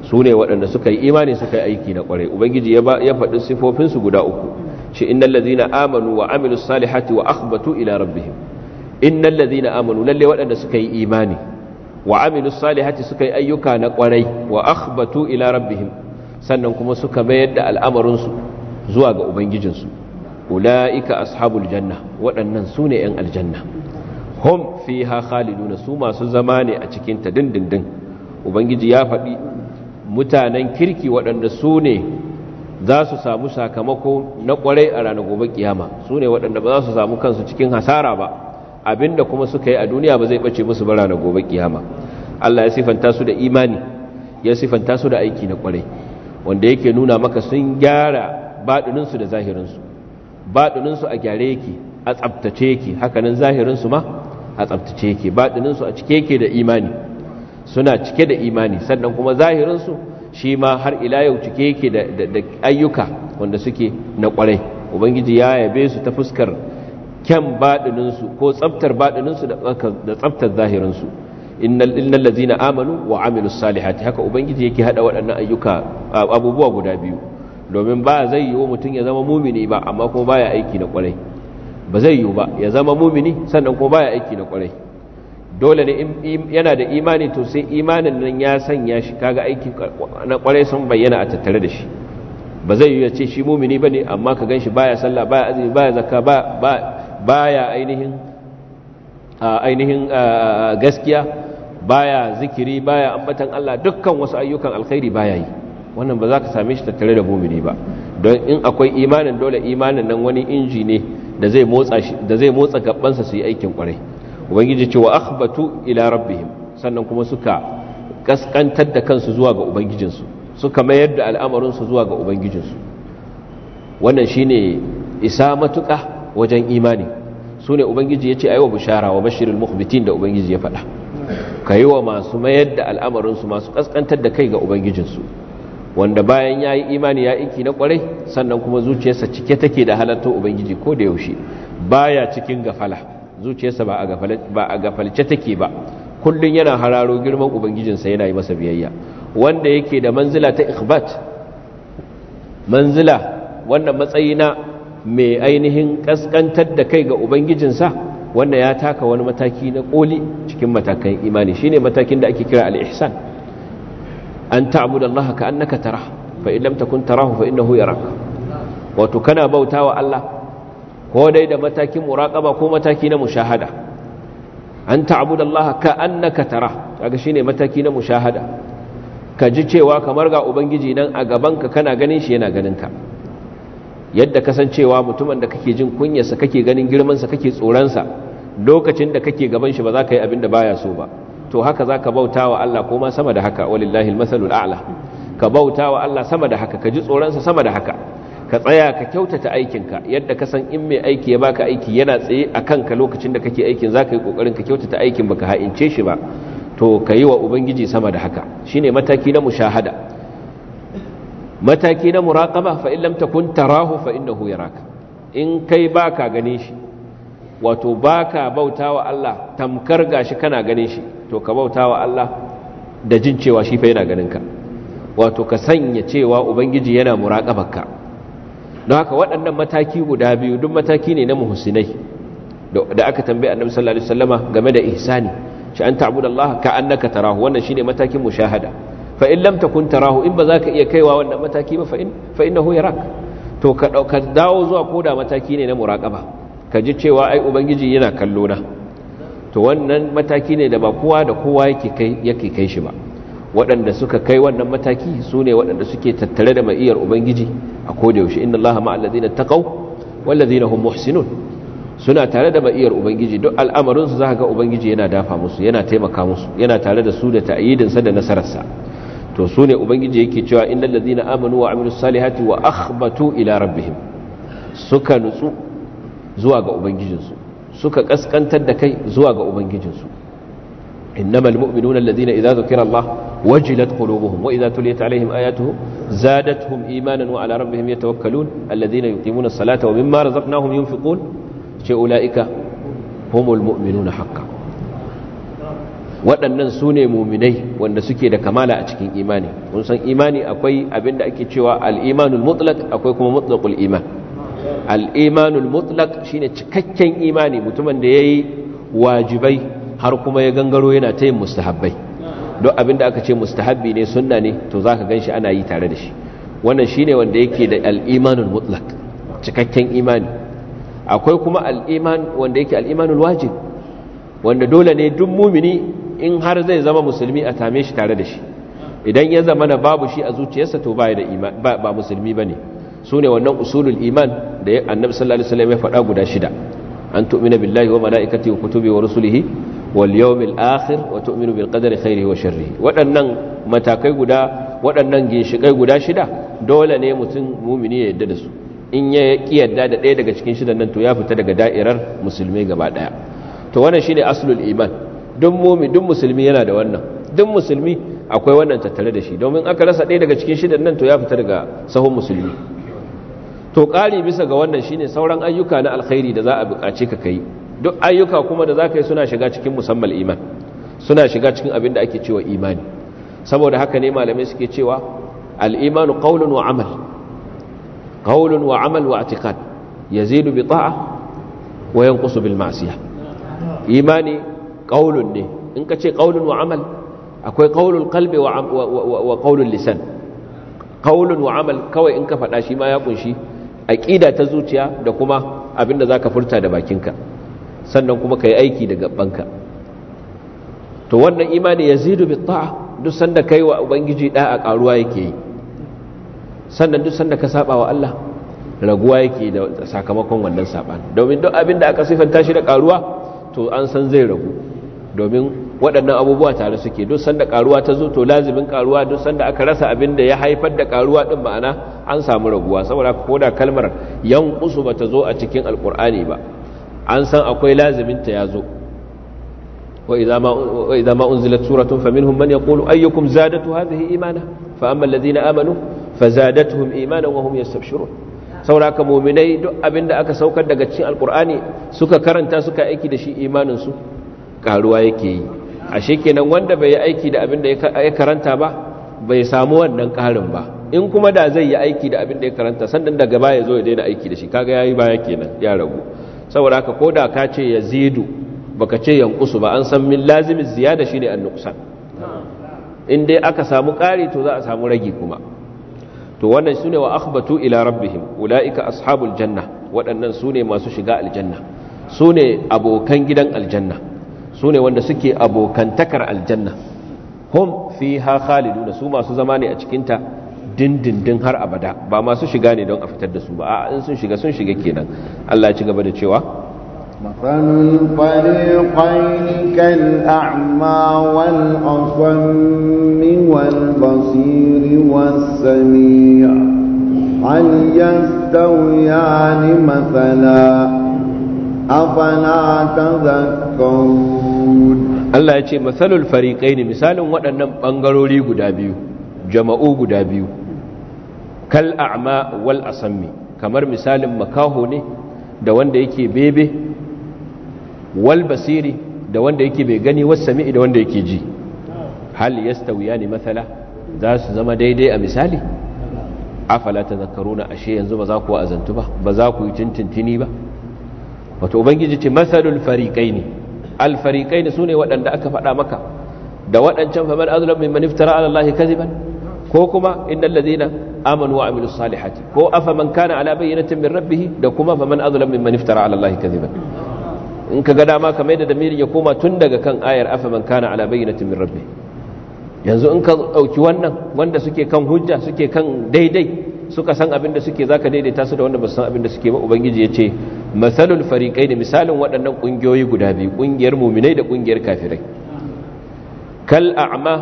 su ne waɗanda suka yi imani suka yi aiki na ƙwarai ubangiji ya faɗi sifofinsu guda uku shi innal ladhina amanu wa amilus salihati wa akhbatu ila rabbihim innal ladhina amanu lalle waɗanda suka yi imani wa amilus salihati suka yi ayyuka na ƙwarai wa akhbatu ila rabbihim sannan kuma suka mayar da al'amarinsu zuwa ga ubangijinsu ula'ika ashabul janna waɗannan su ne 'yan aljanna hum fi ha na su masu zama ne a cikinta dindindin ubangiji ya faɗi mutanen kirki waɗanda su ne za su samu sakamako na ƙwarai a ranar gobe kiyama su ne waɗanda ba za su samu kansu cikin hasara ba abinda kuma suka yi a duniya ba zai ɓace musu ba ranar gobe kiyama allah ya sifanta su da imani ya sifanta su da aiki na ƙwarai wanda yake nuna maka sun gyara baɗininsu da zahirinsu baɗininsu a gyare yake a tsabtace yake hakanan zahirinsu ma a tsabtace yake baɗininsu a cike yake da imani suna cike da imani sannan kuma zahirinsu shi ma har ila yau cike yake da ayyuka wanda suke na ƙwarai ubangiji ya yabe su ta fuskar kyan baɗininsu ko tsabtar baɗininsu da tsabtar zahirinsu innal lazina amanu wa amilus salihati haka ubangiji yake hada waɗannan ayyuka abubuwa guda biyu domin ba zai yiwu mutum ya zama mumini ba amma kuma ya aiki na kwarai ba zai yiwu ba ya zama mumini sannan kuma ya aiki na kwarai dole ne yana da imani to sai imanin nan ya sanya shi kaga aiki na kwarai sun bayyana a tattare da shi ba zai yiwu ya ce shi mumini ne amma ka ganshi ya sallah ya azumi ya zakka ba ya ainihin ainihin gaskiya ya zikiri ba ya ambatan Allah dukkan wasu ayyukan alkhairi ba ya yi wannan ba za ka same shi tattare da mumini ba don in akwai imanin dole imanin nan wani inji ne da zai motsa da su yi aikin kwarai ubangiji ce wa akhbatu ila rabbihim sannan kuma suka kaskantar da kansu zuwa ga ubangijinsu suka mayar da al'amarin su zuwa ga ubangijinsu wannan shi ne isa matuka wajen imani sune ubangiji yace ayi wa bushara wa Bashirin mukhbitin da ubangiji ya faɗa yi wa masu mayar da al'amarin masu kaskantar da kai ga ubangijinsu wanda bayan ya yi imani ya iki na kwarai sannan kuma zuciyarsa cike take da halatta ubangiji ko da yaushe baya cikin gafala zuciyarsa ba a gafalce take ba kullum yana hararo girman ubangijinsa yana yi masa biyayya wanda yake da manzila ta ikhbat manzila wannan matsayi na mai ainihin kaskantar da kai ga ubangijinsa wanda ya taka wani mataki na koli cikin matakan imani shine matakin da ake kira al-ihsan an ta'budu allaha ka annaka tarahu fa in lam takun tarahu fa innahu yaraka wato kana bautawa Allah ko dai da matakin muraqaba ko mataki na mushahada an ta'budu allaha ka annaka tarahu kaga shine mataki na mushahada ka ji cewa kamar ga ubangiji nan a gabanka kana ganin shi yana ganin ka yadda kasancewa mutumin da kake jin kunyarsa kake ganin girmansa kake tsoronsa lokacin da kake gaban shi ba za ka yi abin da baya so ba to haka za ka bauta wa Allah koma sama da haka walillahi almasalul a'la ka bauta wa Allah sama da haka ka ji tsoronsa sama da haka ka tsaya ka kyautata aikinka yadda ka san in mai aiki ya baka aiki yana tsaye a kanka lokacin da kake aikin za ka yi ƙoƙarin ka kyautata aikin baka ha'ince shi ba to ka yi wa ubangiji sama da haka shine mataki na mushahada mataki na muraqaba fa in lam takun tarahu fa innahu yaraka in kai baka ganin shi wato baka bautawa Allah tamkar gashi kana ganin shi to ka bauta wa Allah da jin cewa shi fa yana ganin ka wato ka sanya cewa ubangiji yana ka. don haka waɗannan mataki guda biyu duk mataki ne na muhsinai da aka tambaye annabi sallallahu alaihi wasallama game da ihsani shi an ta'budu Allah ka annaka tarahu wannan shine matakin mushahada fa in lam takun tarahu in ba za ka iya kaiwa wannan mataki ba fa in fa innahu yarak to ka dawo zuwa koda mataki ne na muraqaba ka ji cewa ai ubangiji yana kallo na to wannan mataki ne da ba kowa da kowa yake kai shi ba waɗanda suka kai wannan mataki su ne waɗanda suke tattare da ma'iyar ubangiji a kodayaushe inna allaha ma'allazina taqaw wallazina hum muhsinun suna tare da ma'iyar ubangiji duk al'amarinsu za ka ga ubangiji yana dafa musu yana taimaka musu yana tare da su da sa da nasararsa to su ne ubangiji yake cewa innal ladina amanu wa amilus salihati wa akhbatu ila rabbihim suka nutsu zuwa ga ubangijinsu suka kaskantar da kai zuwa ga ubangijinsu innamal mu'minuna alladhina idza dhukira Allah wajilat qulubuhum wa idza tuliyat alaihim ayatuhu zadatuhum imanan wa ala rabbihim yatawakkalun alladhina yuqimuna as-salata wa mimma razaqnahum yunfiqun ce ulaika humul mu'minuna haqqan waɗannan su ne muminai wanda suke da kamala a cikin imani Kun san imani akwai abinda ake cewa al-imanul mutlaq akwai kuma mutlaqul iman al'imanul shi shine cikakken imani mutumin da yayi wajibai har kuma ya gangaro yana ta yin mustahabbai don abinda aka ce mustahabbi ne sunna ne to zaka ganshi ana yi tare da shi wannan ne wanda yake da al'imanul mutlak cikakken imani akwai kuma al'iman wanda yake al'imanul wajib wanda dole ne duk mumini in har zai zama musulmi a tame shi tare da shi idan ya zama na babu shi a zuciyarsa to ba musulmi ba ne, su ne wannan usulul iman da ya annabi sallallahu alaihi wasallam ya faɗa guda shida an tu'minu billahi wa malaikatihi wa kutubihi wa rusulihi wal yawmil akhir wa tu'minu bil qadari khairihi wa sharrihi waɗannan matakai guda waɗannan ginshikai guda shida dole ne mutum mumini ya yadda da su in ya kiyarda da ɗaya daga cikin shidan nan to ya fita daga da'irar musulmi gaba ɗaya to wannan shine aslul iman duk mumi duk musulmi yana da wannan duk musulmi akwai wannan tattare da shi domin aka rasa ɗaya daga cikin shidan nan to ya fita daga sahun musulmi to ƙari bisa ga wannan shine sauran ayyuka na alkhairi da za a buƙace ka kai duk ayyuka kuma da za ka yi suna shiga cikin musamman iman suna shiga cikin abin da ake cewa imani saboda haka ne malamai suke cewa al'imanu qaulun wa amal qaulun wa amal wa i'tiqad yazidu bi ta'a wa yanqusu bil ma'siyah imani qaulun ne in ka ce qaulun wa amal akwai qaulul kalbe wa qaulul lisan qaulun wa amal kawai in ka faɗa shi ma ya ƙunshi. aqida ta zuciya da kuma abinda zaka furta da bakinka sannan kuma yi aiki da gabbanka to wannan imani yazidu bit ta'a duk sanda kai wa ubangiji a karuwa yake yi sannan duk sanda ka saba wa Allah raguwa yake da sakamakon wannan saban domin duk abinda aka sifanta shi da karuwa to an san zai ragu domin waɗannan abubuwa tare suke duk sanda karuwa ta zo to lazimin karuwa duk sanda aka rasa abin da ya haifar da karuwa din ma'ana an samu raguwa saboda ko da kalmar yanqusu bata zo a cikin alqur'ani ba an san akwai lazimin ta yazo wa idza ma wa idza ma unzilat suratun faminhum man yaqulu ayyukum zadatu hadhihi imana fa amma alladhina amanu fazadatuhum imanan wa hum yastabshirun saboda ka mu'minai duk abin da aka saukar daga cikin alqur'ani suka karanta suka aiki da shi imanin su karuwa yake yi a kenan wanda bai yi aiki da abin da ya karanta ba bai samu wannan karin ba in kuma da zai yi aiki da abin da ya karanta sannan daga baya zo ya daina aiki da shi kaga yayi baya kenan ya ragu saboda haka koda ka ce yazidu baka ce yanqusu ba an san min lazimi ziyada shine an-nuqsan in dai aka samu kari to za a samu ragi kuma to wannan sune wa akhbatu ila rabbihim ulaika ashabul janna waɗannan sune masu shiga aljanna sune abokan gidan aljanna su ne wanda suke abokantakar aljanna hum fiha da su masu zama ne a cikinta dindindin har abada ba masu shiga ne don a fitar da su ba a in sun shiga sun shiga kenan Allah ya ci gaba da cewa مثل الفريقين كالأعمى والأصم والبصير والسميع هل يستويان مثلا أفلا تذكرون ya'malun Allah ya ce masalul fariqaini misalin waɗannan bangarori guda biyu jama'u guda biyu kal a'ma wal asammi kamar misalin makaho ne da wanda yake bebe wal basiri da wanda yake bai gani wasami da wanda yake ji hal yastawiyani mathala za su zama daidai a misali afala ta zakaruna ashe yanzu ba za ku azantu ba ba za ku yi tintintini ba wato ubangiji ce masalul fariƙai ne alfariƙai su ne waɗanda aka faɗa maka da waɗancan faman azlam min maniftara ala allahi kadhiban ko kuma innal ladina amanu wa amilus salihati ko afa afaman kana ala bayyinatin min rabbih da kuma faman azlam min maniftara ala allahi kadhiban in ka ga dama ka maida da damirin ya koma tun daga kan ayar afa afaman kana ala bayyinatin min rabbih yanzu in ka dauki wannan wanda suke kan hujja suke kan daidai suka san abin da suke zaka daidaita su da wanda ba san abin da suke ba ubangiji ya ce masalul farikai ne misalin waɗannan ƙungiyoyi guda biyu ƙungiyar muminai da ƙungiyar kafirai kal a'ma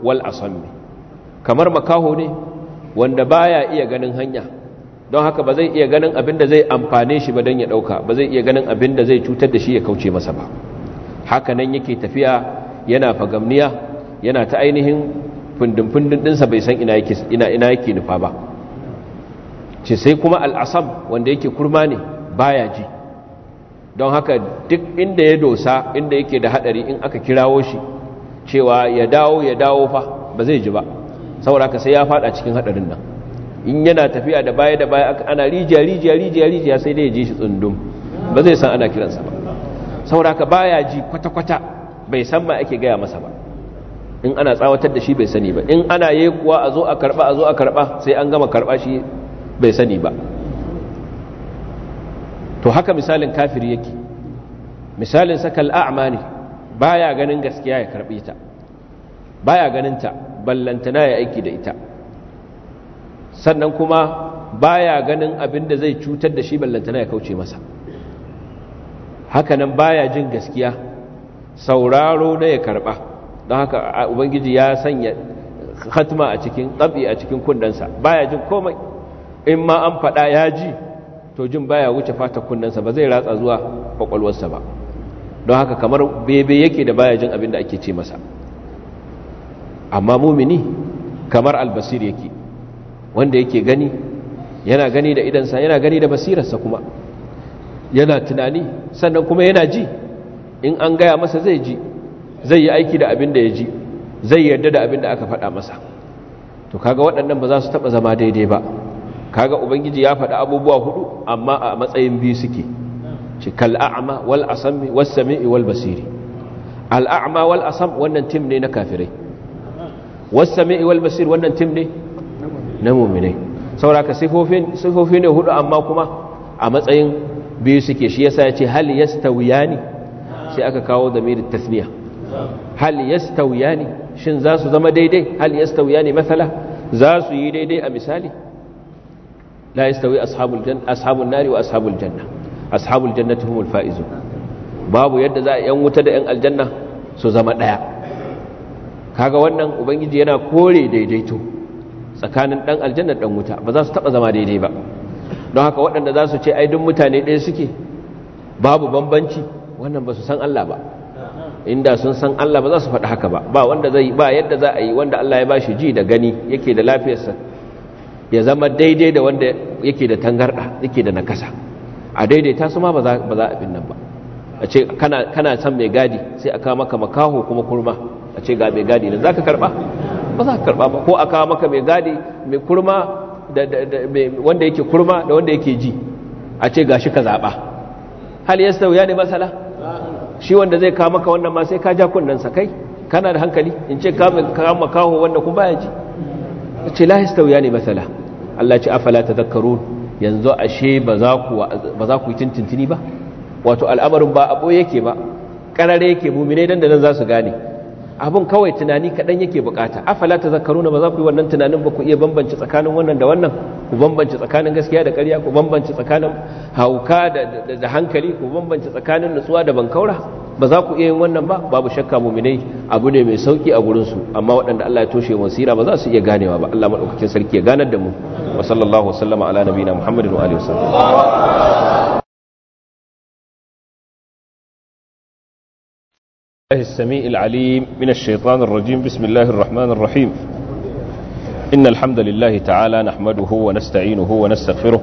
wal asammi kamar makaho ne wanda baya iya ganin hanya don haka ba zai iya ganin abin da zai amfane shi ba don ya ɗauka ba zai iya ganin abin da zai cutar da shi ya kauce masa ba haka nan yake tafiya yana fagamniya yana ta ainihin fundin-fundin ɗinsa bai san ina yake nufa ba ce sai kuma al'asam wanda yake kurma ne baya ji don haka duk inda ya dosa inda yake da hadari in aka kirawo shi cewa ya dawo ya dawo fa ba zai ji ba saboda haka sai ya fada cikin hadarin nan in yana tafiya da baya da baya ana rijiya rijiya rijiya rijiya sai dai ya ji shi tsundum ba zai san ana kiransa ba saboda haka baya ji kwata kwata bai san ma ake gaya masa ba in ana tsawatar da shi bai sani ba in ana yi kuwa a zo a karba a zo a karba sai an gama karba shi bai sani ba to haka misalin kafiri yake misalin sakal a'ma ne baya ganin gaskiya ya karbe ta baya ganin ta ballantana ya aiki da ita sannan kuma baya ganin abin da zai cutar da shi ballantana ya kauce masa hakanan baya jin gaskiya sauraro na ya karba don haka ubangiji ya sanya khatma a cikin ɗabi a cikin kundansa baya jin komai in ma an faɗa ya ji to jin baya wuce fata kunnensa ba zai ratsa zuwa kwakwalwarsa ba don haka kamar bebe yake da baya jin abin da ake ce masa amma mumini kamar albasir yake wanda yake gani yana gani da idansa yana gani da basirarsa kuma yana tunani sannan kuma yana ji in an gaya masa zai ji zai yi aiki da abin da ya ji zai yarda da abin da aka faɗa masa to kaga waɗannan ba za su taɓa zama daidai ba kaga ubangiji ya faɗi abubuwa hudu amma a matsayin biyu suke ce kal'a'ama wal asami was sami'i wal basiri al'a'ama wal asam wannan tim ne na kafirai was sami'i wal basiri wannan tim ne na mu'minai sauraka sifofin sifofi ne hudu amma kuma a matsayin biyu suke shi yasa ya ce hal yastawiyani sai aka kawo da damirin tasniya hal yastawiyani shin za su zama daidai hal yastawiyani matsala? za su yi daidai a misali لا يستوي أصحاب, janna أصحاب النار وأصحاب الجنة janna الجنة هم humul باب babu yadda za a yan wuta da yan aljanna su zama kaga wannan ubangiji yana kore daidaito tsakanin dan aljanna dan wuta ba za su taba zama daidai ba don haka waɗanda za su ce ai duk mutane ɗaya suke babu bambanci wannan ba su san Allah ba inda sun san Allah ba za su faɗi haka ba ba wanda zai ba yadda za a yi wanda Allah ya bashi ji da gani yake da lafiyarsa ya zama daidai da wanda yake da tangarda yake da nakasa a daidaita su ma ba za a abin nan ba a ce kana son mai gadi sai a kawo maka makaho kuma kurma a ce ga mai gadi na za ka karba ba za ka karba ba ko a kawo maka mai gadi mai kurma wanda yake kurma da wanda yake ji a ce ga shi ka zaɓa hal yasta wuya ne masala shi wanda zai kawo maka wannan ma sai ka ja kunnensa kai kana da hankali in ce kawo makaho wanda kuma ya ji a ce la yasta wuya ne masala Allah ce afala tadhakkarun yanzu ashe ba za ku yi tintintini ba wato al'amarin ba abo yake ba karare yake mu'mine dan da nan za su gane abun kawai tunani kaɗan yake bukata afala tadhakkarun ba za ku yi wannan tunanin ba ku iya bambance tsakanin wannan da wannan ku bambance tsakanin gaskiya da ƙarya ku bambance tsakanin hauka da hankali ku bambance tsakanin nutsuwa da bankaura ba za ku iya yin wannan ba babu shakka muminai abu ne mai sauki a gurinsu amma waɗanda Allah ya toshe wasira ba za su iya ganewa ba Allah maɗaukakin sarki ya ganar da mu wa sallallahu wa sallama ala nabiyina muhammadin wa alihi wasallam السميع العليم من الشيطان الرجيم بسم الله الرحمن الرحيم إن الحمد لله تعالى نحمده ونستعينه ونستغفره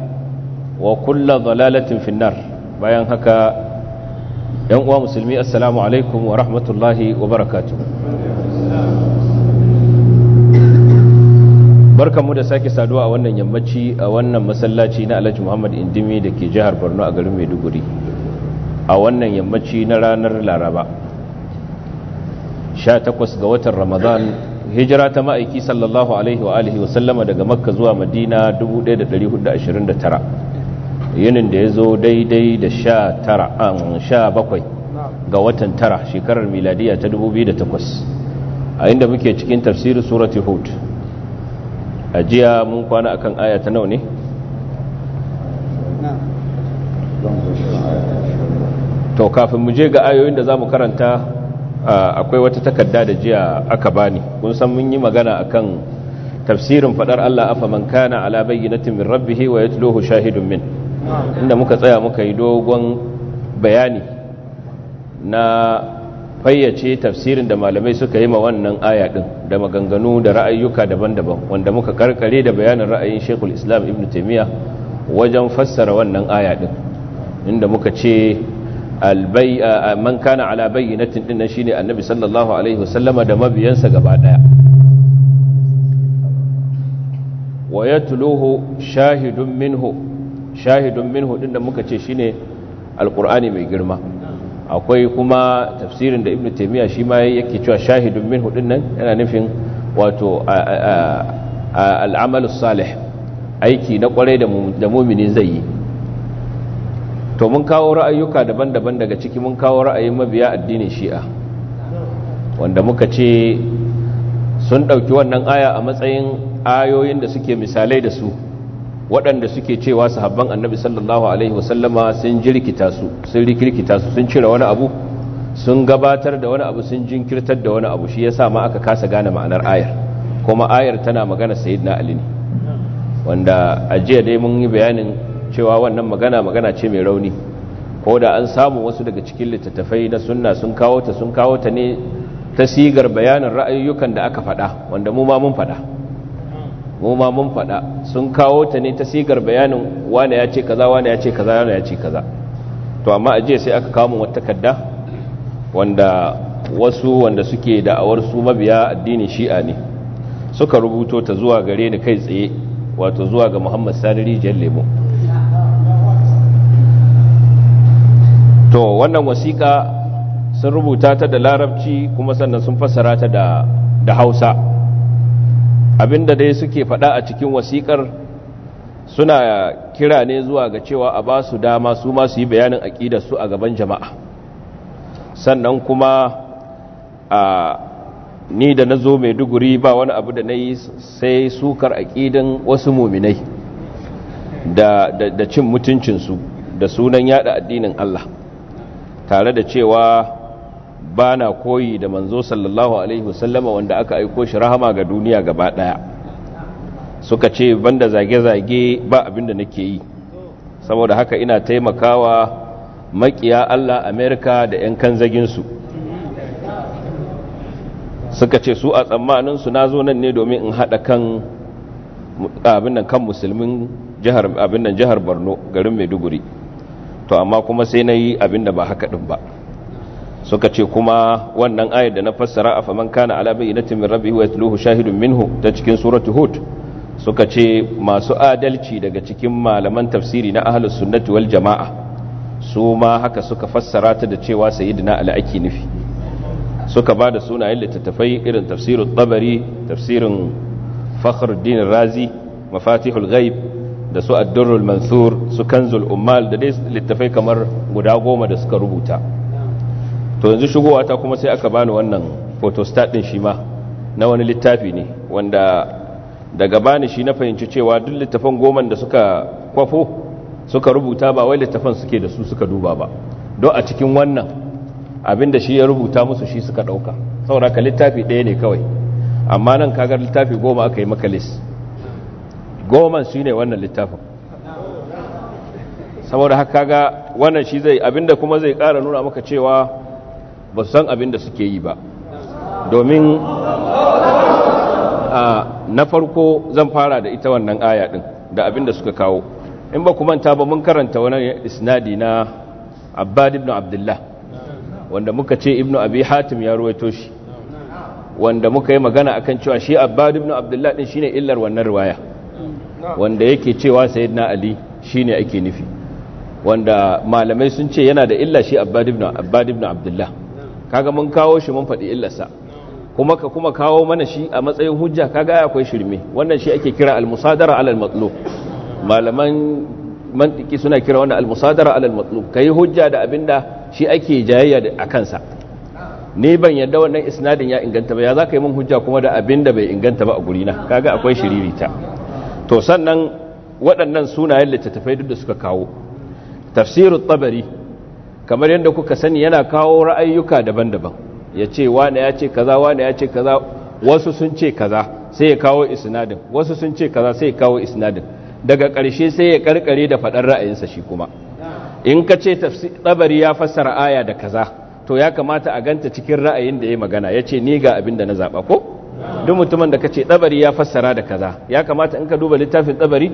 wa kulla dalalatin finnar bayan haka yan uwa musulmi assalamu alaikum wa rahmatullahi wa barakatu barkanmu da sake saduwa a wannan yammaci a wannan masallaci na alhaji muhammad indimi da ke jihar borno a garin maiduguri a wannan yammaci na ranar laraba 18 ga watan ramadan hijira ta ma'aiki sallallahu alaihi wa alihi wa sallama daga makka zuwa madina 1429 yinin da ya zo daidai da sha tara an sha bakwai ga watan tara shekarar miladiya ta 2008 a inda muke cikin tafsirin surati hud a jiya mun kwana akan aya ta nau ne? to kafin mu je ga ayoyin da za mu karanta akwai wata takarda da jiya aka bani kun san mun yi magana akan tafsirin faɗar Allah afa man kana ala bayyinatin min rabbihi wa yatluhu shahidun min inda muka tsaya muka yi dogon bayani na fayyace tafsirin da malamai suka yi ma wannan aya din da maganganu da ra'ayyuka daban-daban wanda muka karkare da bayanin ra'ayin shekul Islam Ibn Taimiyya wajen fassara wannan aya din inda muka ce man kana ala dinnan shi shine annabi sallallahu alaihi wasallama da mabiyansa gaba daya wa tuluhu shahidun minhu shahidun min huɗun da muka ce shine alkur'ani mai girma akwai kuma tafsirin da ibnu taymiya shi ma yake cewa shahidun min hudun nan yana nufin wato Al'amalus salih aiki na kwarai da mumini zai yi to mun kawo ra'ayyuka daban-daban daga ciki mun kawo ra'ayin mabiya addinin shi'a wanda muka ce sun ɗauki wannan aya a matsayin ayoyin da suke misalai da su waɗanda suke cewa sahabban annabi sallallahu alaihi wasallama sun jirkita su sun rikirkita su sun cire wani abu sun gabatar da wani abu sun jinkirtar da wani abu shi yasa ma aka kasa gane ma'anar ayar kuma ayar tana magana sayid ali ne wanda a jiya dai mun yi bayanin cewa wannan magana magana ce mai rauni ko da an samu wasu daga cikin littattafai na sunna sun kawo ta sun kawo ta ne ta sigar bayanin ra'ayoyukan da aka faɗa wanda mu ma mun faɗa mu ma mun faɗa sun kawo ta ne ta sigar bayanin wane ya ce kaza wane ya ce kaza wane ya ce kaza to amma a jiya sai aka kawo wata takarda wanda wasu wanda suke da su mabiya addinin shi'a ne suka rubuto ta zuwa gare ni kai tsaye wato zuwa ga muhammad sani rijiyar lemo to wannan wasiƙa sun rubuta ta da larabci kuma sannan sun fassara ta da hausa abinda dai suke faɗa a cikin wasikar suna kira ne zuwa ga cewa a ba su dama su ma su yi bayanin aƙidarsu a gaban jama'a sannan kuma a ni da na zo mai duguri ba wani abu da na yi sai sukar aƙidan wasu muminai da cin mutuncinsu da sunan yada addinin Allah tare da cewa ba na koyi da manzo sallallahu alaihi wasallama wanda aka aiko shi rahama ga duniya gaba daya suka ce banda zage-zage ba abinda nake yi saboda haka ina taimakawa makiya Allah Amerika da 'yan kanzaginsu suka ce su a tsammaninsu na zo nan ne domin in haɗa kan abin nan kan musulmin jihar abin nan jihar Borno garin Maiduguri to amma kuma sai na yi abin da ba haka ɗin ba suka ce kuma wannan ayar da na fassara a faman kana ala bayyinatin min rabbihi wa yatluhu shahidun minhu ta cikin suratu hud suka ce masu adalci daga cikin malaman tafsiri na ahlus sunnati wal jama'a su ma haka suka fassara ta da cewa sayyidina al'aki nufi suka ba da sunayen littattafai irin tafsirin tabari tafsirin fakhruddin razi mafatihul ghaib da su ad-durrul mansur su kanzul ummal da dai littattafai kamar guda goma da suka rubuta to yanzu shigowata ta kuma sai aka bani wannan photostat din shi ma na wani littafi ne wanda daga bani shi na fahimci cewa duk littafan goman da suka kwafo suka rubuta ba wai littafan suke da su suka duba ba don a cikin wannan abinda shi ya rubuta musu shi suka dauka saboda ka littafi ɗaya ne kawai amma nan kagar littafi goma aka yi maka list goman shi ne wannan littafin saboda haka ga wannan shi zai abinda kuma zai ƙara nuna maka cewa ba san abin da suke yi ba domin na farko zan fara da ita wannan aya din da abin da suka kawo in ba manta ba mun karanta wani isnadi na abbad ibn abdullah wanda muka ce ibn abi hatim ya ruwaito shi wanda muka yi magana akan cewa shi abbad ibn abdullah din shine illar wannan riwaya wanda yake cewa sayyidina ali shine ake nufi wanda malamai sun ce yana da illa shi abbad abbad ibn abdullah kaga mun kawo shi mun faɗi illarsa kuma ka kuma kawo mana shi a matsayin hujja kaga akwai shirme wannan shi ake kira al-musadara alal matlub malaman mantiki suna kira wannan al-musadara alal matlub kai hujja da abinda shi ake jayayya da kansa ni ban yadda wannan isnadin ya inganta ba ya zaka yi mun hujja kuma da abinda bai inganta ba a guri na kaga akwai shiririta to sannan waɗannan sunayen littattafai duk da suka kawo tafsirut tabari kamar yadda kuka sani yana kawo ra'ayyuka daban-daban ya ce wane ya ce kaza wane ya ce kaza wasu sun ce kaza sai ya kawo isnadin wasu sun ce kaza sai ya kawo isnadin daga ƙarshe sai ya ƙarƙare da faɗar ra'ayinsa shi kuma in ka ce tabari ya fassara aya da kaza to ya kamata a ganta cikin ra'ayin da ya magana ya ce ni ga abin da na zaɓa ko duk mutumin da ka ce tabari ya fassara da kaza ya kamata in ka duba littafin tsabari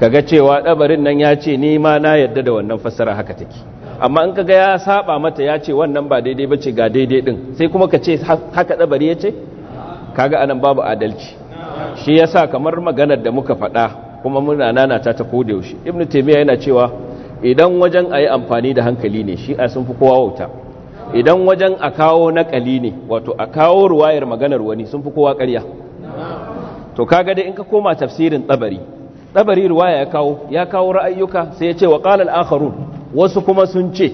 ka ga cewa tabarin nan ya ce ni ma na yadda da wannan fassara haka take amma in kaga ya saba mata ya ce wannan ba daidai ba ce ga daidai din sai kuma ka ce haka dabari ya ce kaga anan babu adalci shi yasa kamar maganar da muka faɗa kuma muna nanata ta kode yaushe ibnu taymiya yana cewa idan wajen ayi amfani da hankali ne shi a sun fi kowa wauta idan wajen a kawo nakali ne wato a kawo ruwayar maganar wani sun fi kowa ƙarya to kaga dai in ka koma tafsirin tsabari tsabari ruwaya ya kawo ya kawo ra'ayyuka sai ya ce wa qala al-akharun wasu kuma sun ce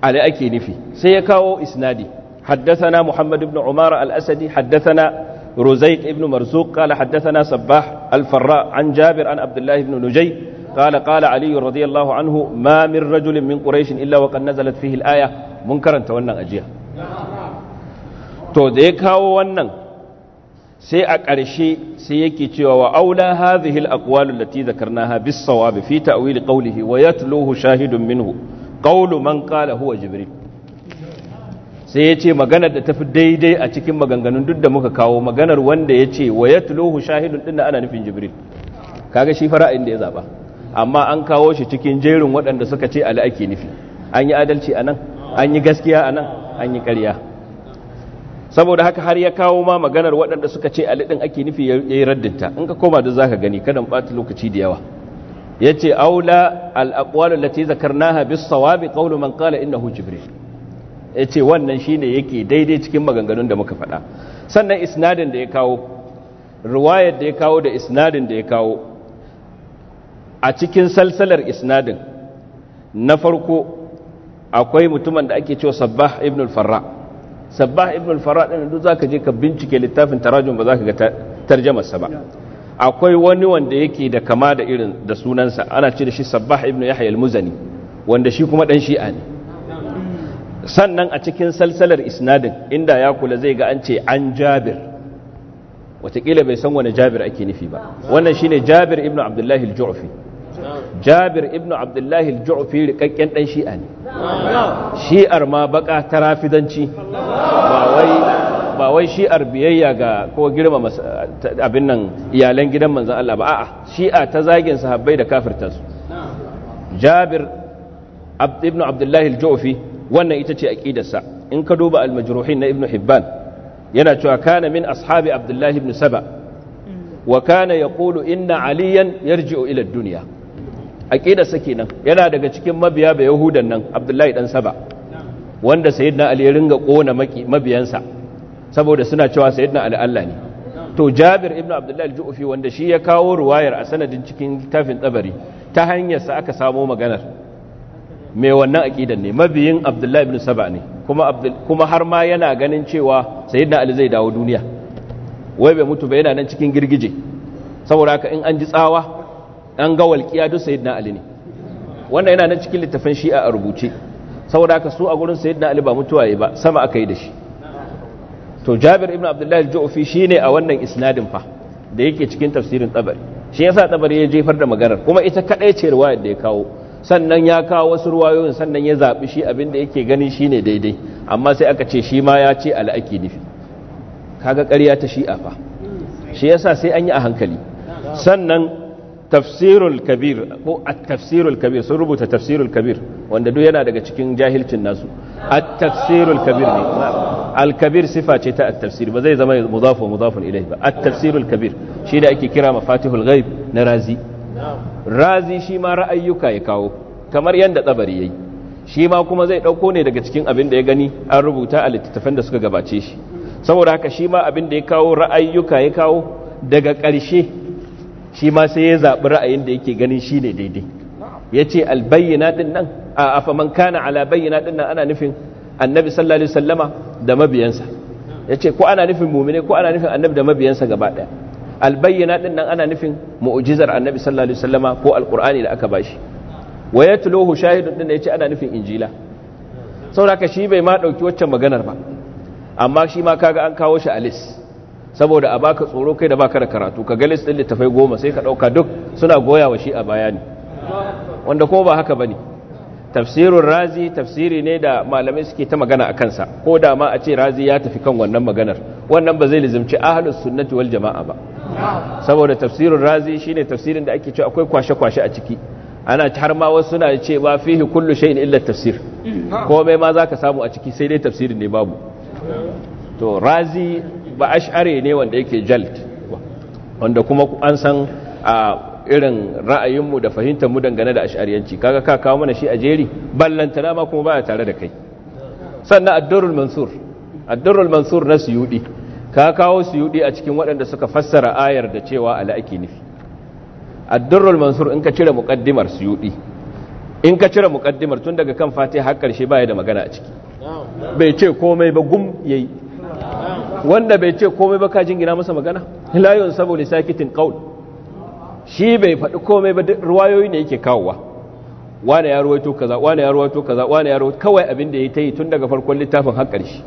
ali ake nufi sai ya kawo isnadi haddathana muhammad ibn umar al-asadi haddathana ruzayq ibnu marzuq kala haddathana sabbah alfarra an jabir an abdullahi ibn nujay qala kala aliyu radiyallahu anhu ma min rajulin min quraish illa wa qad nazalat fihi al-aya mun karanta wannan ajiya to da ya kawo wannan sai a ƙarshe sai yake cewa wa aula hadhihi al-aqwal allati dhakarnaha bis-sawab fi ta'wil qawlihi wa yatluhu shahidun minhu qawlu man qala huwa jibril sai yace maganar da tafi daidai a cikin maganganun duk da muka kawo maganar wanda yace wa yatluhu shahidun dinna ana nufin jibril kaga shi fara'in da ya zaba amma an kawo shi cikin jerin waɗanda suka ce ala ake nufi an yi adalci anan an yi gaskiya anan an yi ƙarya saboda haka har ya kawo ma maganar waɗanda suka ce ali ake nufi ya yi raddinta in ka koma da ka gani kada mu ɓata lokaci da yawa yace aula al na allati zakarnaha bis sawabi qawlu man qala innahu jibril yace wannan shi ne yake daidai cikin maganganun da muka faɗa sannan isnadin da ya kawo ruwayar da ya kawo da isnadin da ya kawo a cikin salsalar isnadin na farko akwai mutumin da ake cewa sabbah ibn al-farra sabbah ibn al-farad din duk zaka je ka bincike littafin tarajum ba zaka ga tarjamar ba akwai wani wanda yake da kama da irin da sunansa ana ce da shi sabbah ibn yahya al-muzani wanda shi kuma dan shi'a ne sannan a cikin salsalar isnadin inda ya kula zai ga an ce an jabir watakila bai san wani jabir ake nufi ba wannan shine jabir ibn abdullahi al-ju'fi jabir ibn abdullahi al-ju'fi rikakken dan shi'a ne shi'ar ma baka ta rafidanci ba wai shi'ar biyayya ga ko girma abin nan iyalan gidan manzan Allah ba a'a shi'a ta zagin sahabbai da kafirtansu. jabir ibn abdullahi al-ju'fi wannan ita ce aqidarsa in ka duba al-majruhin na ibn hibban yana cewa kana min ashabi abdullahi ibn saba wa kana yaqulu inna aliyan yarji o ad duniya? sa kenan yana daga cikin mabiya ba yahudan nan abdullahi dan saba wanda sayyidina ali ya ringa kona mabiyansa saboda suna cewa sayyidina ali Allah ne to jabir ibn abdullahi al-ju'fi wanda shi ya kawo ruwayar a sanadin cikin tafin tsabari ta hanyar sa aka samo maganar Me wannan aqidan ne mabiyin abdullahi ibn saba ne kuma kuma har ma yana ganin cewa sayyidina ali zai dawo duniya wai bai mutu ba yana nan cikin girgije saboda haka in an ji tsawa Ɗan ga walƙiya duk sayyidina ali ne wannan yana nan cikin littafin shi'a a rubuce saboda ka so a gurin sayyidina ali ba mutuwa ba sama aka yi da shi to jabir ibn abdullahi al-ju'fi shine a wannan isnadin fa da yake cikin tafsirin tabari shi yasa tabari ya jefar da maganar kuma ita kadai ce riwayar da ya kawo sannan ya kawo wasu riwayoyin sannan ya zabi shi abin da yake gani shi daidai amma sai aka ce shi ma ya ce al'aki nufi kaga ƙarya ta shi'a fa shi yasa sai an yi a hankali sannan tafsirul kabir ko at-tafsirul kabir sun rubuta tafsirul kabir wanda duk yana daga cikin jahilcin nasu at-tafsirul kabir ne al-kabir sifa ce ta at-tafsir ba zai zama mudafu mudafun ba at kabir shi da ake kira mafatihul ghaib na razi razi shi ma ra'ayyuka ya kawo kamar yanda tsabari yayi shi ma kuma zai dauko ne daga cikin abin da ya gani an rubuta a littattafan da suka gabace shi saboda haka shi ma abin da ya kawo ra'ayyuka ya kawo daga ƙarshe shi ma sai ya zaɓi ra'ayin da yake ganin shi ne daidai ya ce albayyana ɗin nan a afaman kana ala bayyana ɗin nan ana nufin annabi sallallahu alaihi wasallama da mabiyansa ya ce ko ana nufin mumine ko ana nufin annabi da mabiyansa gaba ɗaya albayyana ɗin nan ana nufin mu'ujizar annabi sallallahu alaihi wasallama ko alƙur'ani da aka bashi wa ya tulohu shahidun ɗin ya ce ana nufin injila saboda ka shi bai ma ɗauki waccan maganar ba amma shi ma kaga an kawo shi a list saboda a baka tsoro kai da baka da karatu ka ga listin din littafai goma sai ka dauka duk suna goya wa shi a bayani wanda ko ba haka bane tafsirin razi tafsiri ne da malamai suke ta magana a kansa ko da ma a ce razi ya tafi kan wannan maganar wannan ba zai lizimci ahlus sunnati wal jama'a ba saboda tafsirin razi shine tafsirin da ake cewa akwai kwashe-kwashe a ciki ana har ma wasu suna cewa fihi kullu shay'in illa tafsir komai ma zaka samu a ciki sai dai tafsirin ne babu to razi ba ash'ari ne wanda yake jalt wanda kuma an san a irin ra'ayinmu da fahimtar mu dangane da ash'ariyanci kaga ka kawo mana shi a jeri ballantana ma kuma baya tare da kai sannan addurul mansur addurul mansur na suyudi ka kawo suyudi a cikin waɗanda suka fassara ayar da cewa ala nufi addurul mansur in ka cire muƙaddimar suyudi in ka cire muƙaddimar tun daga kan fatih har karshe baya da magana a ciki bai ce komai ba gum yayi wanda bai ce komai ba ka gina masa magana layon saboda sakitin kawul shi bai faɗi komai ba ruwayoyi ne yake kawowa wane ya ruwaito kaza wane ya ruwaito kaza wane ya ruwaito kawai abin da ta yi tun daga farkon littafin har ƙarshe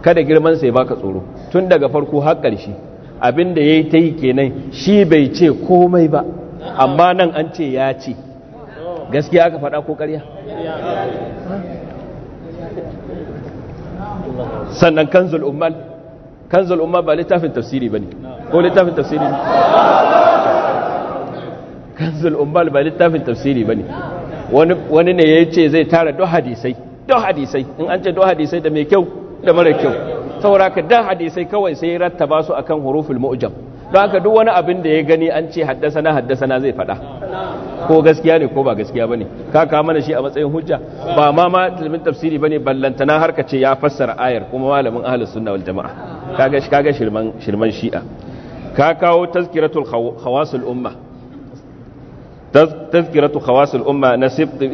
kada girman sai baka tsoro tun daga farko har ƙarshe abin da ta yi kenan shi bai ce komai ba amma nan an ce ya ce gaskiya aka faɗa ko ƙarya sannan kanzul ummal kanzul umma ba littafin tafsiri ko littafin tafsiri kanzul umma ba littafin tafsiri bane wani wani ne ce zai tara duk hadisai duk hadisai in an ce duk hadisai da mai kyau da mara kyau saboda ka da hadisai kawai sai rattaba su akan hurufin mu'jam don haka duk wani abin da ya gani an ce haddasa na haddasa na zai faɗa ko gaskiya ne ko ba gaskiya bane ka ka mana shi a matsayin hujja ba ma ma ilimin tafsiri bane ballantana har ce ya fassara ayar kuma malamin ahlus sunna wal jamaa kaga kaga shirman shirman shi'a ka kawo tazkiratul khawasul umma tazkiratu khawasul umma na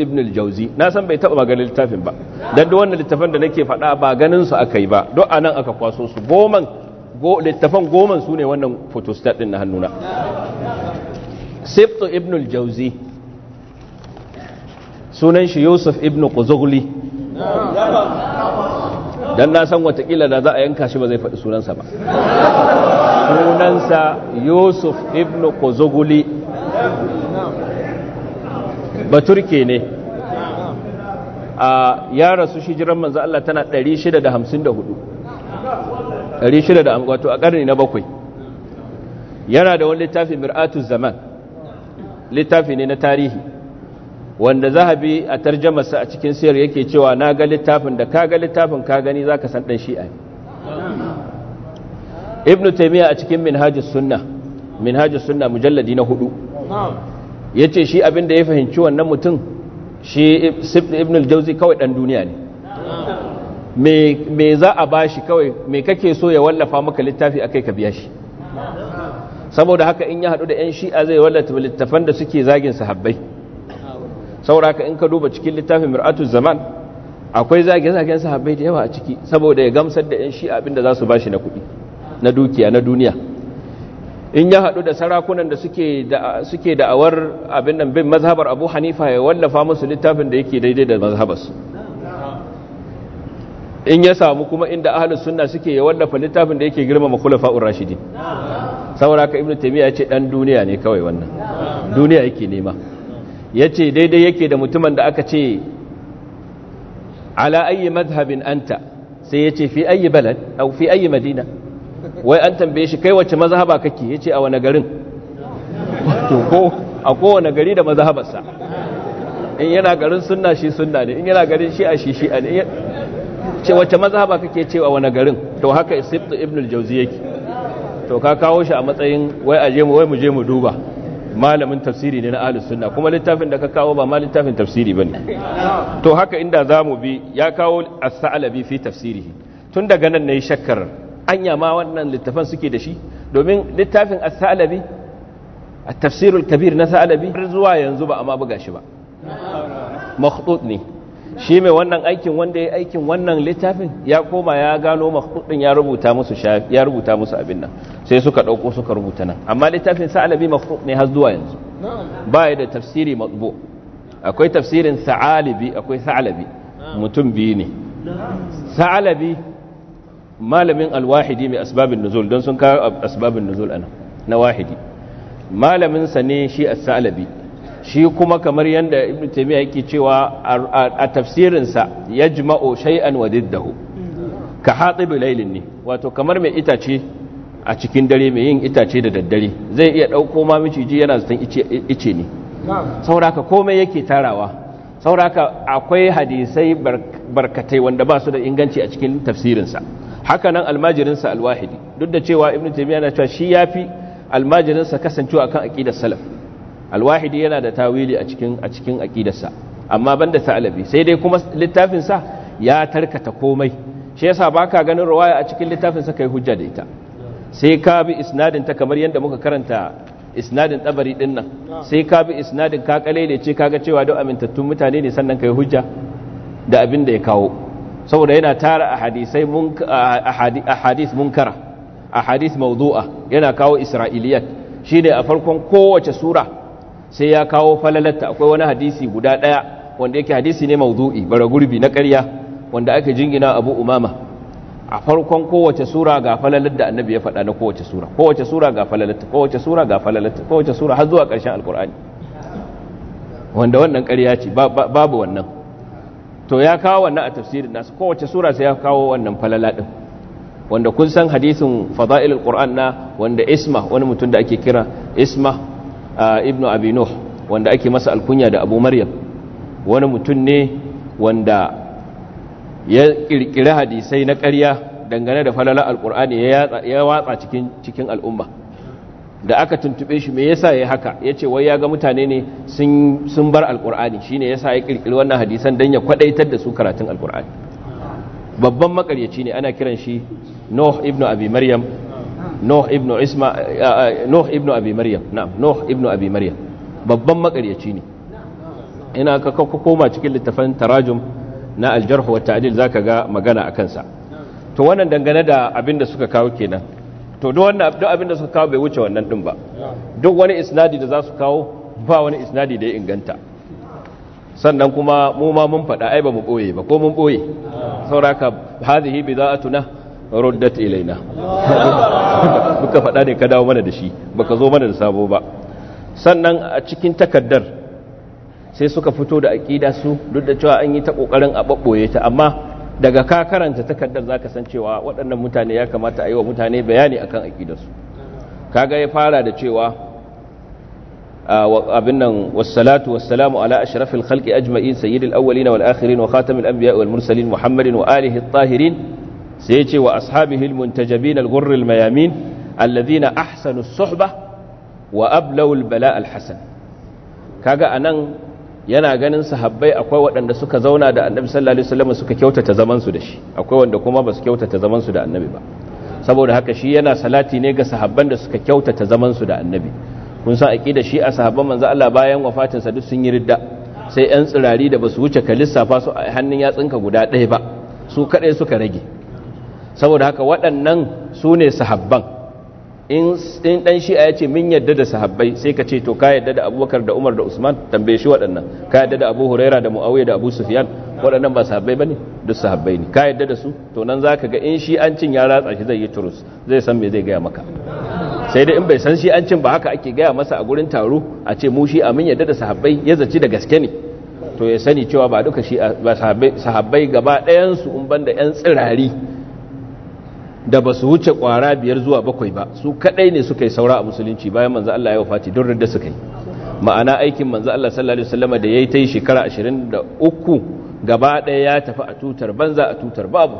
ibn al-jawzi na san bai taba maganin littafin ba dan duk wannan littafin da nake faɗa ba ganin su akai ba duk anan aka kwaso su goman go littafan su ne wannan photostat din na hannuna sibtu ibn al-jauzi sunan shi yusuf ibn quzugli dan na san watakila da za a yanka shi ba zai faɗi sunansa ba sunansa yusuf ibn quzugli baturke ne a ya rasu shijiran manzo Allah tana 654 600 wato a ƙarni na bakwai yana da wani littafin mir'atu zaman littafi ne na tarihi wanda za a tarjamarsa a cikin siyar yake cewa na ga littafin da ka ga littafin ka gani za ka san ɗan shi'a ne ibn taimiyya a cikin minhajus sunna sunna mujalladi na hudu ya ce shi abin da ya fahimci wannan mutum shi ibn jauzi kawai ɗan duniya ne me za a ba shi kawai me kake so ya wallafa maka littafi a kai ka biya shi saboda haka in ya haɗu da 'yan shi'a zai wallata littafan da suke zagin sahabbai saboda haka in ka duba cikin littafin mir'atu zaman akwai zage-zagen sahabbai da yawa a ciki saboda ya gamsar da 'yan shi'a abinda za su ba shi na kuɗi na dukiya na duniya in ya haɗu da sarakunan da suke da'awar abin nan bin mazhabar abu hanifa ya wallafa musu littafin da yake daidai da mazhabarsu in ya samu kuma inda ahalus sunna suke ya wallafa littafin da yake girmama khulafa'ur Rashidi. saboda haka Ibn taymiya ya ce dan duniya ne kawai wannan duniya yake nema yace daidai yake da mutumin da aka ce ala ayi madhhabin anta sai yace fi ayi balad au fi ayi madina wai an tambaye shi kai wacce mazhaba kake yace a wani garin to ko a kowane gari da mazhabarsa in yana garin sunna shi sunna ne in yana garin a shi shi'a ne ce wacce mazhaba kake cewa wani garin to haka Ibn al jawzi yake to ka kawo shi a matsayin wai aje mu wai mu je mu duba malamin tafsiri ne na ahlus sunna kuma littafin da ka kawo ba ma littafin tafsiri bane to haka inda zamu bi ya kawo as-sa'labi fi tafsirihi tun daga nan nayi shakkar anya ma wannan littafin suke da shi domin littafin as-sa'labi at-tafsirul kabir na sa'labi zuwa yanzu ba amma buga shi ba makhdud ne shi mai wannan aikin wanda ya aikin wannan littafin ya koma ya gano mahudin ya rubuta musu ya rubuta musu abin nan sai suka dauko suka rubuta nan amma littafin sa'alabi mahud ne har zuwa yanzu ba ya da tafsiri matbu akwai tafsirin sa'alabi akwai sa'alabi mutum biyu ne sa'alabi malamin alwahidi mai asbabin nuzul don sun kawo asbabin nuzul anan na wahidi malamin sa ne shi as-sa'alabi shi kuma kamar yadda ibn taymiya yake cewa a tafsirinsa yajma'u shay'an wa diddahu ka hatib laylin ne wato kamar mai itace a cikin dare mai yin itace da daddare zai iya ɗauko ma miciji yana zaton ice ne sauraka komai yake tarawa sauraka akwai hadisai barkatai wanda ba su da inganci a cikin tafsirinsa haka nan almajirinsa alwahidi duk da cewa ibn taymiya na cewa shi yafi almajirinsa kasancewa akan aqidar salaf alwahidi yana da tawili a cikin a cikin aqidarsa amma banda ta'alabi sai dai kuma littafin sa ya tarkata komai shi yasa baka ganin riwaya a cikin littafin sa kai hujja da ita sai ka bi isnadin ta kamar yadda muka karanta isnadin tabari din nan sai ka bi isnadin ka kalele ce kaga cewa duk amintattun mutane ne sannan kai hujja da abin da ya kawo saboda yana tara ahadisai mun ahadith munkara ahadith mawdu'a yana kawo isra'iliyat shine a farkon kowace sura sai ya kawo falalatta akwai wani hadisi guda ɗaya wanda yake hadisi ne mawdu'i bara gurbi na ƙarya wanda aka jingina abu umama a farkon kowace sura ga falalatta annabi ya faɗa na kowace sura kowace sura ga falalatta kowace sura ga falalatta kowace sura har zuwa ƙarshen alkur'ani wanda wannan ƙarya ce babu wannan to ya kawo wannan a tafsirin nasu kowace sura sai ya kawo wannan falala din wanda kun san hadisin fada'ilul qur'an na wanda isma wani mutum da ake kira isma ibnu abi nuh wanda ake masa alkunya da abu maryam wani mutum ne wanda ya kirkiri hadisai na ƙarya dangane da falala alkur'ani ya watsa cikin al'umma da aka tuntube shi me yasa yayi haka ya ce wai ya ga mutane ne sun sun bar alkur'ani shine yasa ya kirkiri wannan hadisan dan ya kwadaitar da su karatun alkur'ani babban makaryaci ne ana kiran shi Nuh ibn Abi Maryam نوح ibn اسما نوح ابن ابي Maryam نعم نوح ابن ابي مريم babban makaryaci ne ina ka koma cikin littafin tarajum na al wa ta'dil zaka ga magana akan sa to wannan dangane da abin da suka kawo kenan to duk wannan duk abin da suka kawo bai wuce wannan din ba duk wani isnadi da za su kawo ba wani isnadi da ya inganta sannan kuma mu ma mun fada ai ba mu boye ba ko mun ɓoye sauraka hadhihi bida'atuna ruddat ilaina muka faɗa ne ka dawo mana da shi baka zo mana da sabo ba sannan a cikin takardar sai suka fito da aƙida su duk da cewa an yi ta ƙoƙarin a ɓaɓɓoye ta amma daga ka karanta takardar za ka san cewa waɗannan mutane ya kamata a yi wa mutane bayani akan aƙidarsu ga ya fara da cewa abin nan wasu salamu ala ashrafil khalqi ajma'in sayyidil awwalin wal akhirin wa khatamil anbiya wal mursalin muhammadin wa alihi at-tahirin sai ya ce wa ashabihil muntajabin al-ghurril mayamin alladhina ahsanu suhba wa ablaw bala al Ka ga anan yana ganin sahabbai akwai waɗanda suka zauna da annabi sallallahu alaihi wasallam suka kyautata zaman su da shi akwai wanda kuma ba su kyautata zaman su da annabi ba saboda haka shi yana salati ne ga sahabban da suka kyautata zaman su da annabi kun san aqida shi a sahabban manzo Allah bayan wafatin sa duk sun yi ridda sai yan tsirari da su wuce ka lissafa su a hannun yatsinka guda ɗaya ba su kadai suka rage saboda haka waɗannan su ne sahabban in ɗan shi'a ya ce min yadda da sahabbai sai ka ce to ka yadda da abubakar da umar da usman tambaye shi waɗannan ka yadda da abu huraira da mu'awiyya da abu sufyan waɗannan ba sahabbai ba ne duk sahabbai ne ka yadda da su to nan za ka ga in shi an cin ya ratsa shi zai yi turus zai san me zai gaya maka sai dai in bai san shi an cin ba haka ake gaya masa a gurin taro a ce mu shi a min yadda da sahabbai ya zaci da gaske ne to ya sani cewa ba duka shi ba sahabbai gaba ɗayansu in banda 'yan tsirari da ba su wuce kwara biyar zuwa bakwai ba su kadai ne suka yi saura a musulunci bayan manzo Allah ya wafati don da suka yi ma'ana aikin manzo Allah sallallahu alaihi wasallama da yayi ta shekara 23 gaba ɗaya ya tafi a tutar banza a tutar babu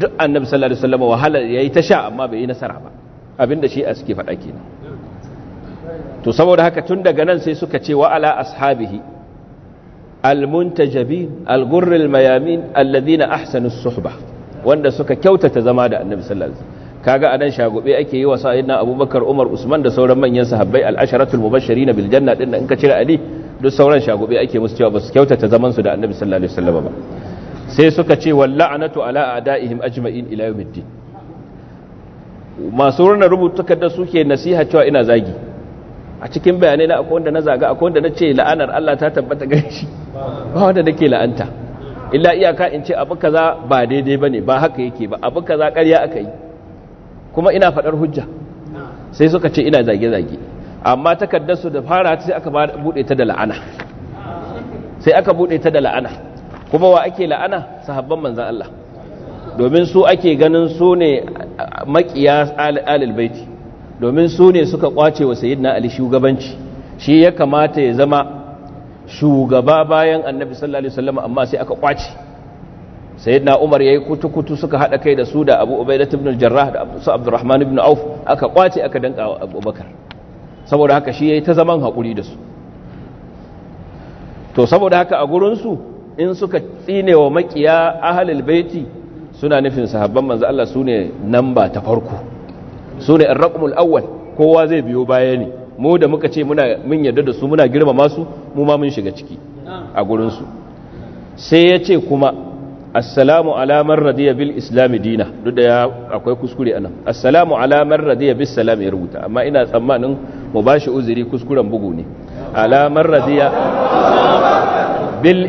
duk annabi sallallahu alaihi wasallama wahala yayi ta sha amma bai yi nasara ba abinda shi a suke faɗa kenan to saboda haka tun daga nan sai suka ce wa ala ashabihi almuntajabin algurril mayamin alladhina ahsanus suhbah wanda suka kyautata zama da annabi sallallahu alaihi wasallam kaga anan shagube ake yi wa sayyidina abubakar umar usman da sauran manyan sahabbai al-asharatul mubashirin bil janna din in ka cire ali duk sauran shagube ake musu cewa basu kyautata zaman su da annabi sallallahu alaihi wasallam ba sai suka ce walla'anatu ala a'daihim ajma'in ila yawmiddin masu rubuta rubutukar suke nasiha cewa ina zagi a cikin bayanai na akwai wanda na zaga akwai wanda na ce la'anar Allah ta tabbata gare shi ba wanda nake la'anta illa iyaka in ce abu kaza ba daidai bane ba haka yake ba abu kaza ƙarya aka yi kuma ina faɗar hujja sai suka ce ina zage-zage amma takaddarsu da fara sai aka buɗe ta da la'ana sai aka buɗe ta da la'ana kuma wa ake la'ana sahabban manzan Allah domin su ake ganin su ne makiya alil baiti domin su ne suka kwace wa sayyidina ali shugabanci shi ya kamata ya zama shugaba bayan annabi sallallahu alaihi wasallam amma sai aka kwace sayyidina umar yayi kutu-kutu suka hada kai da su da abu ubaidah ibn al-jarrah da abu abdurrahman ibn auf aka kwace aka danka abubakar saboda haka shi yayi ta zaman hakuri da su to saboda haka a gurin su in suka tsine wa makiya ahlul baiti suna nufin sahabban manzo Allah sune namba ta farko sune ar-raqmul awwal kowa zai biyo baya ne mu da muka ce muna mun yarda da su muna girmama su mu ma mun shiga ciki a gurin su sai ya ce kuma assalamu ala man radiya bil islam dina duk da akwai kuskure anan assalamu ala man radiya bis salam ya rubuta amma ina tsammanin mu bashi uzuri kuskuren bugu ne ala man radiya bil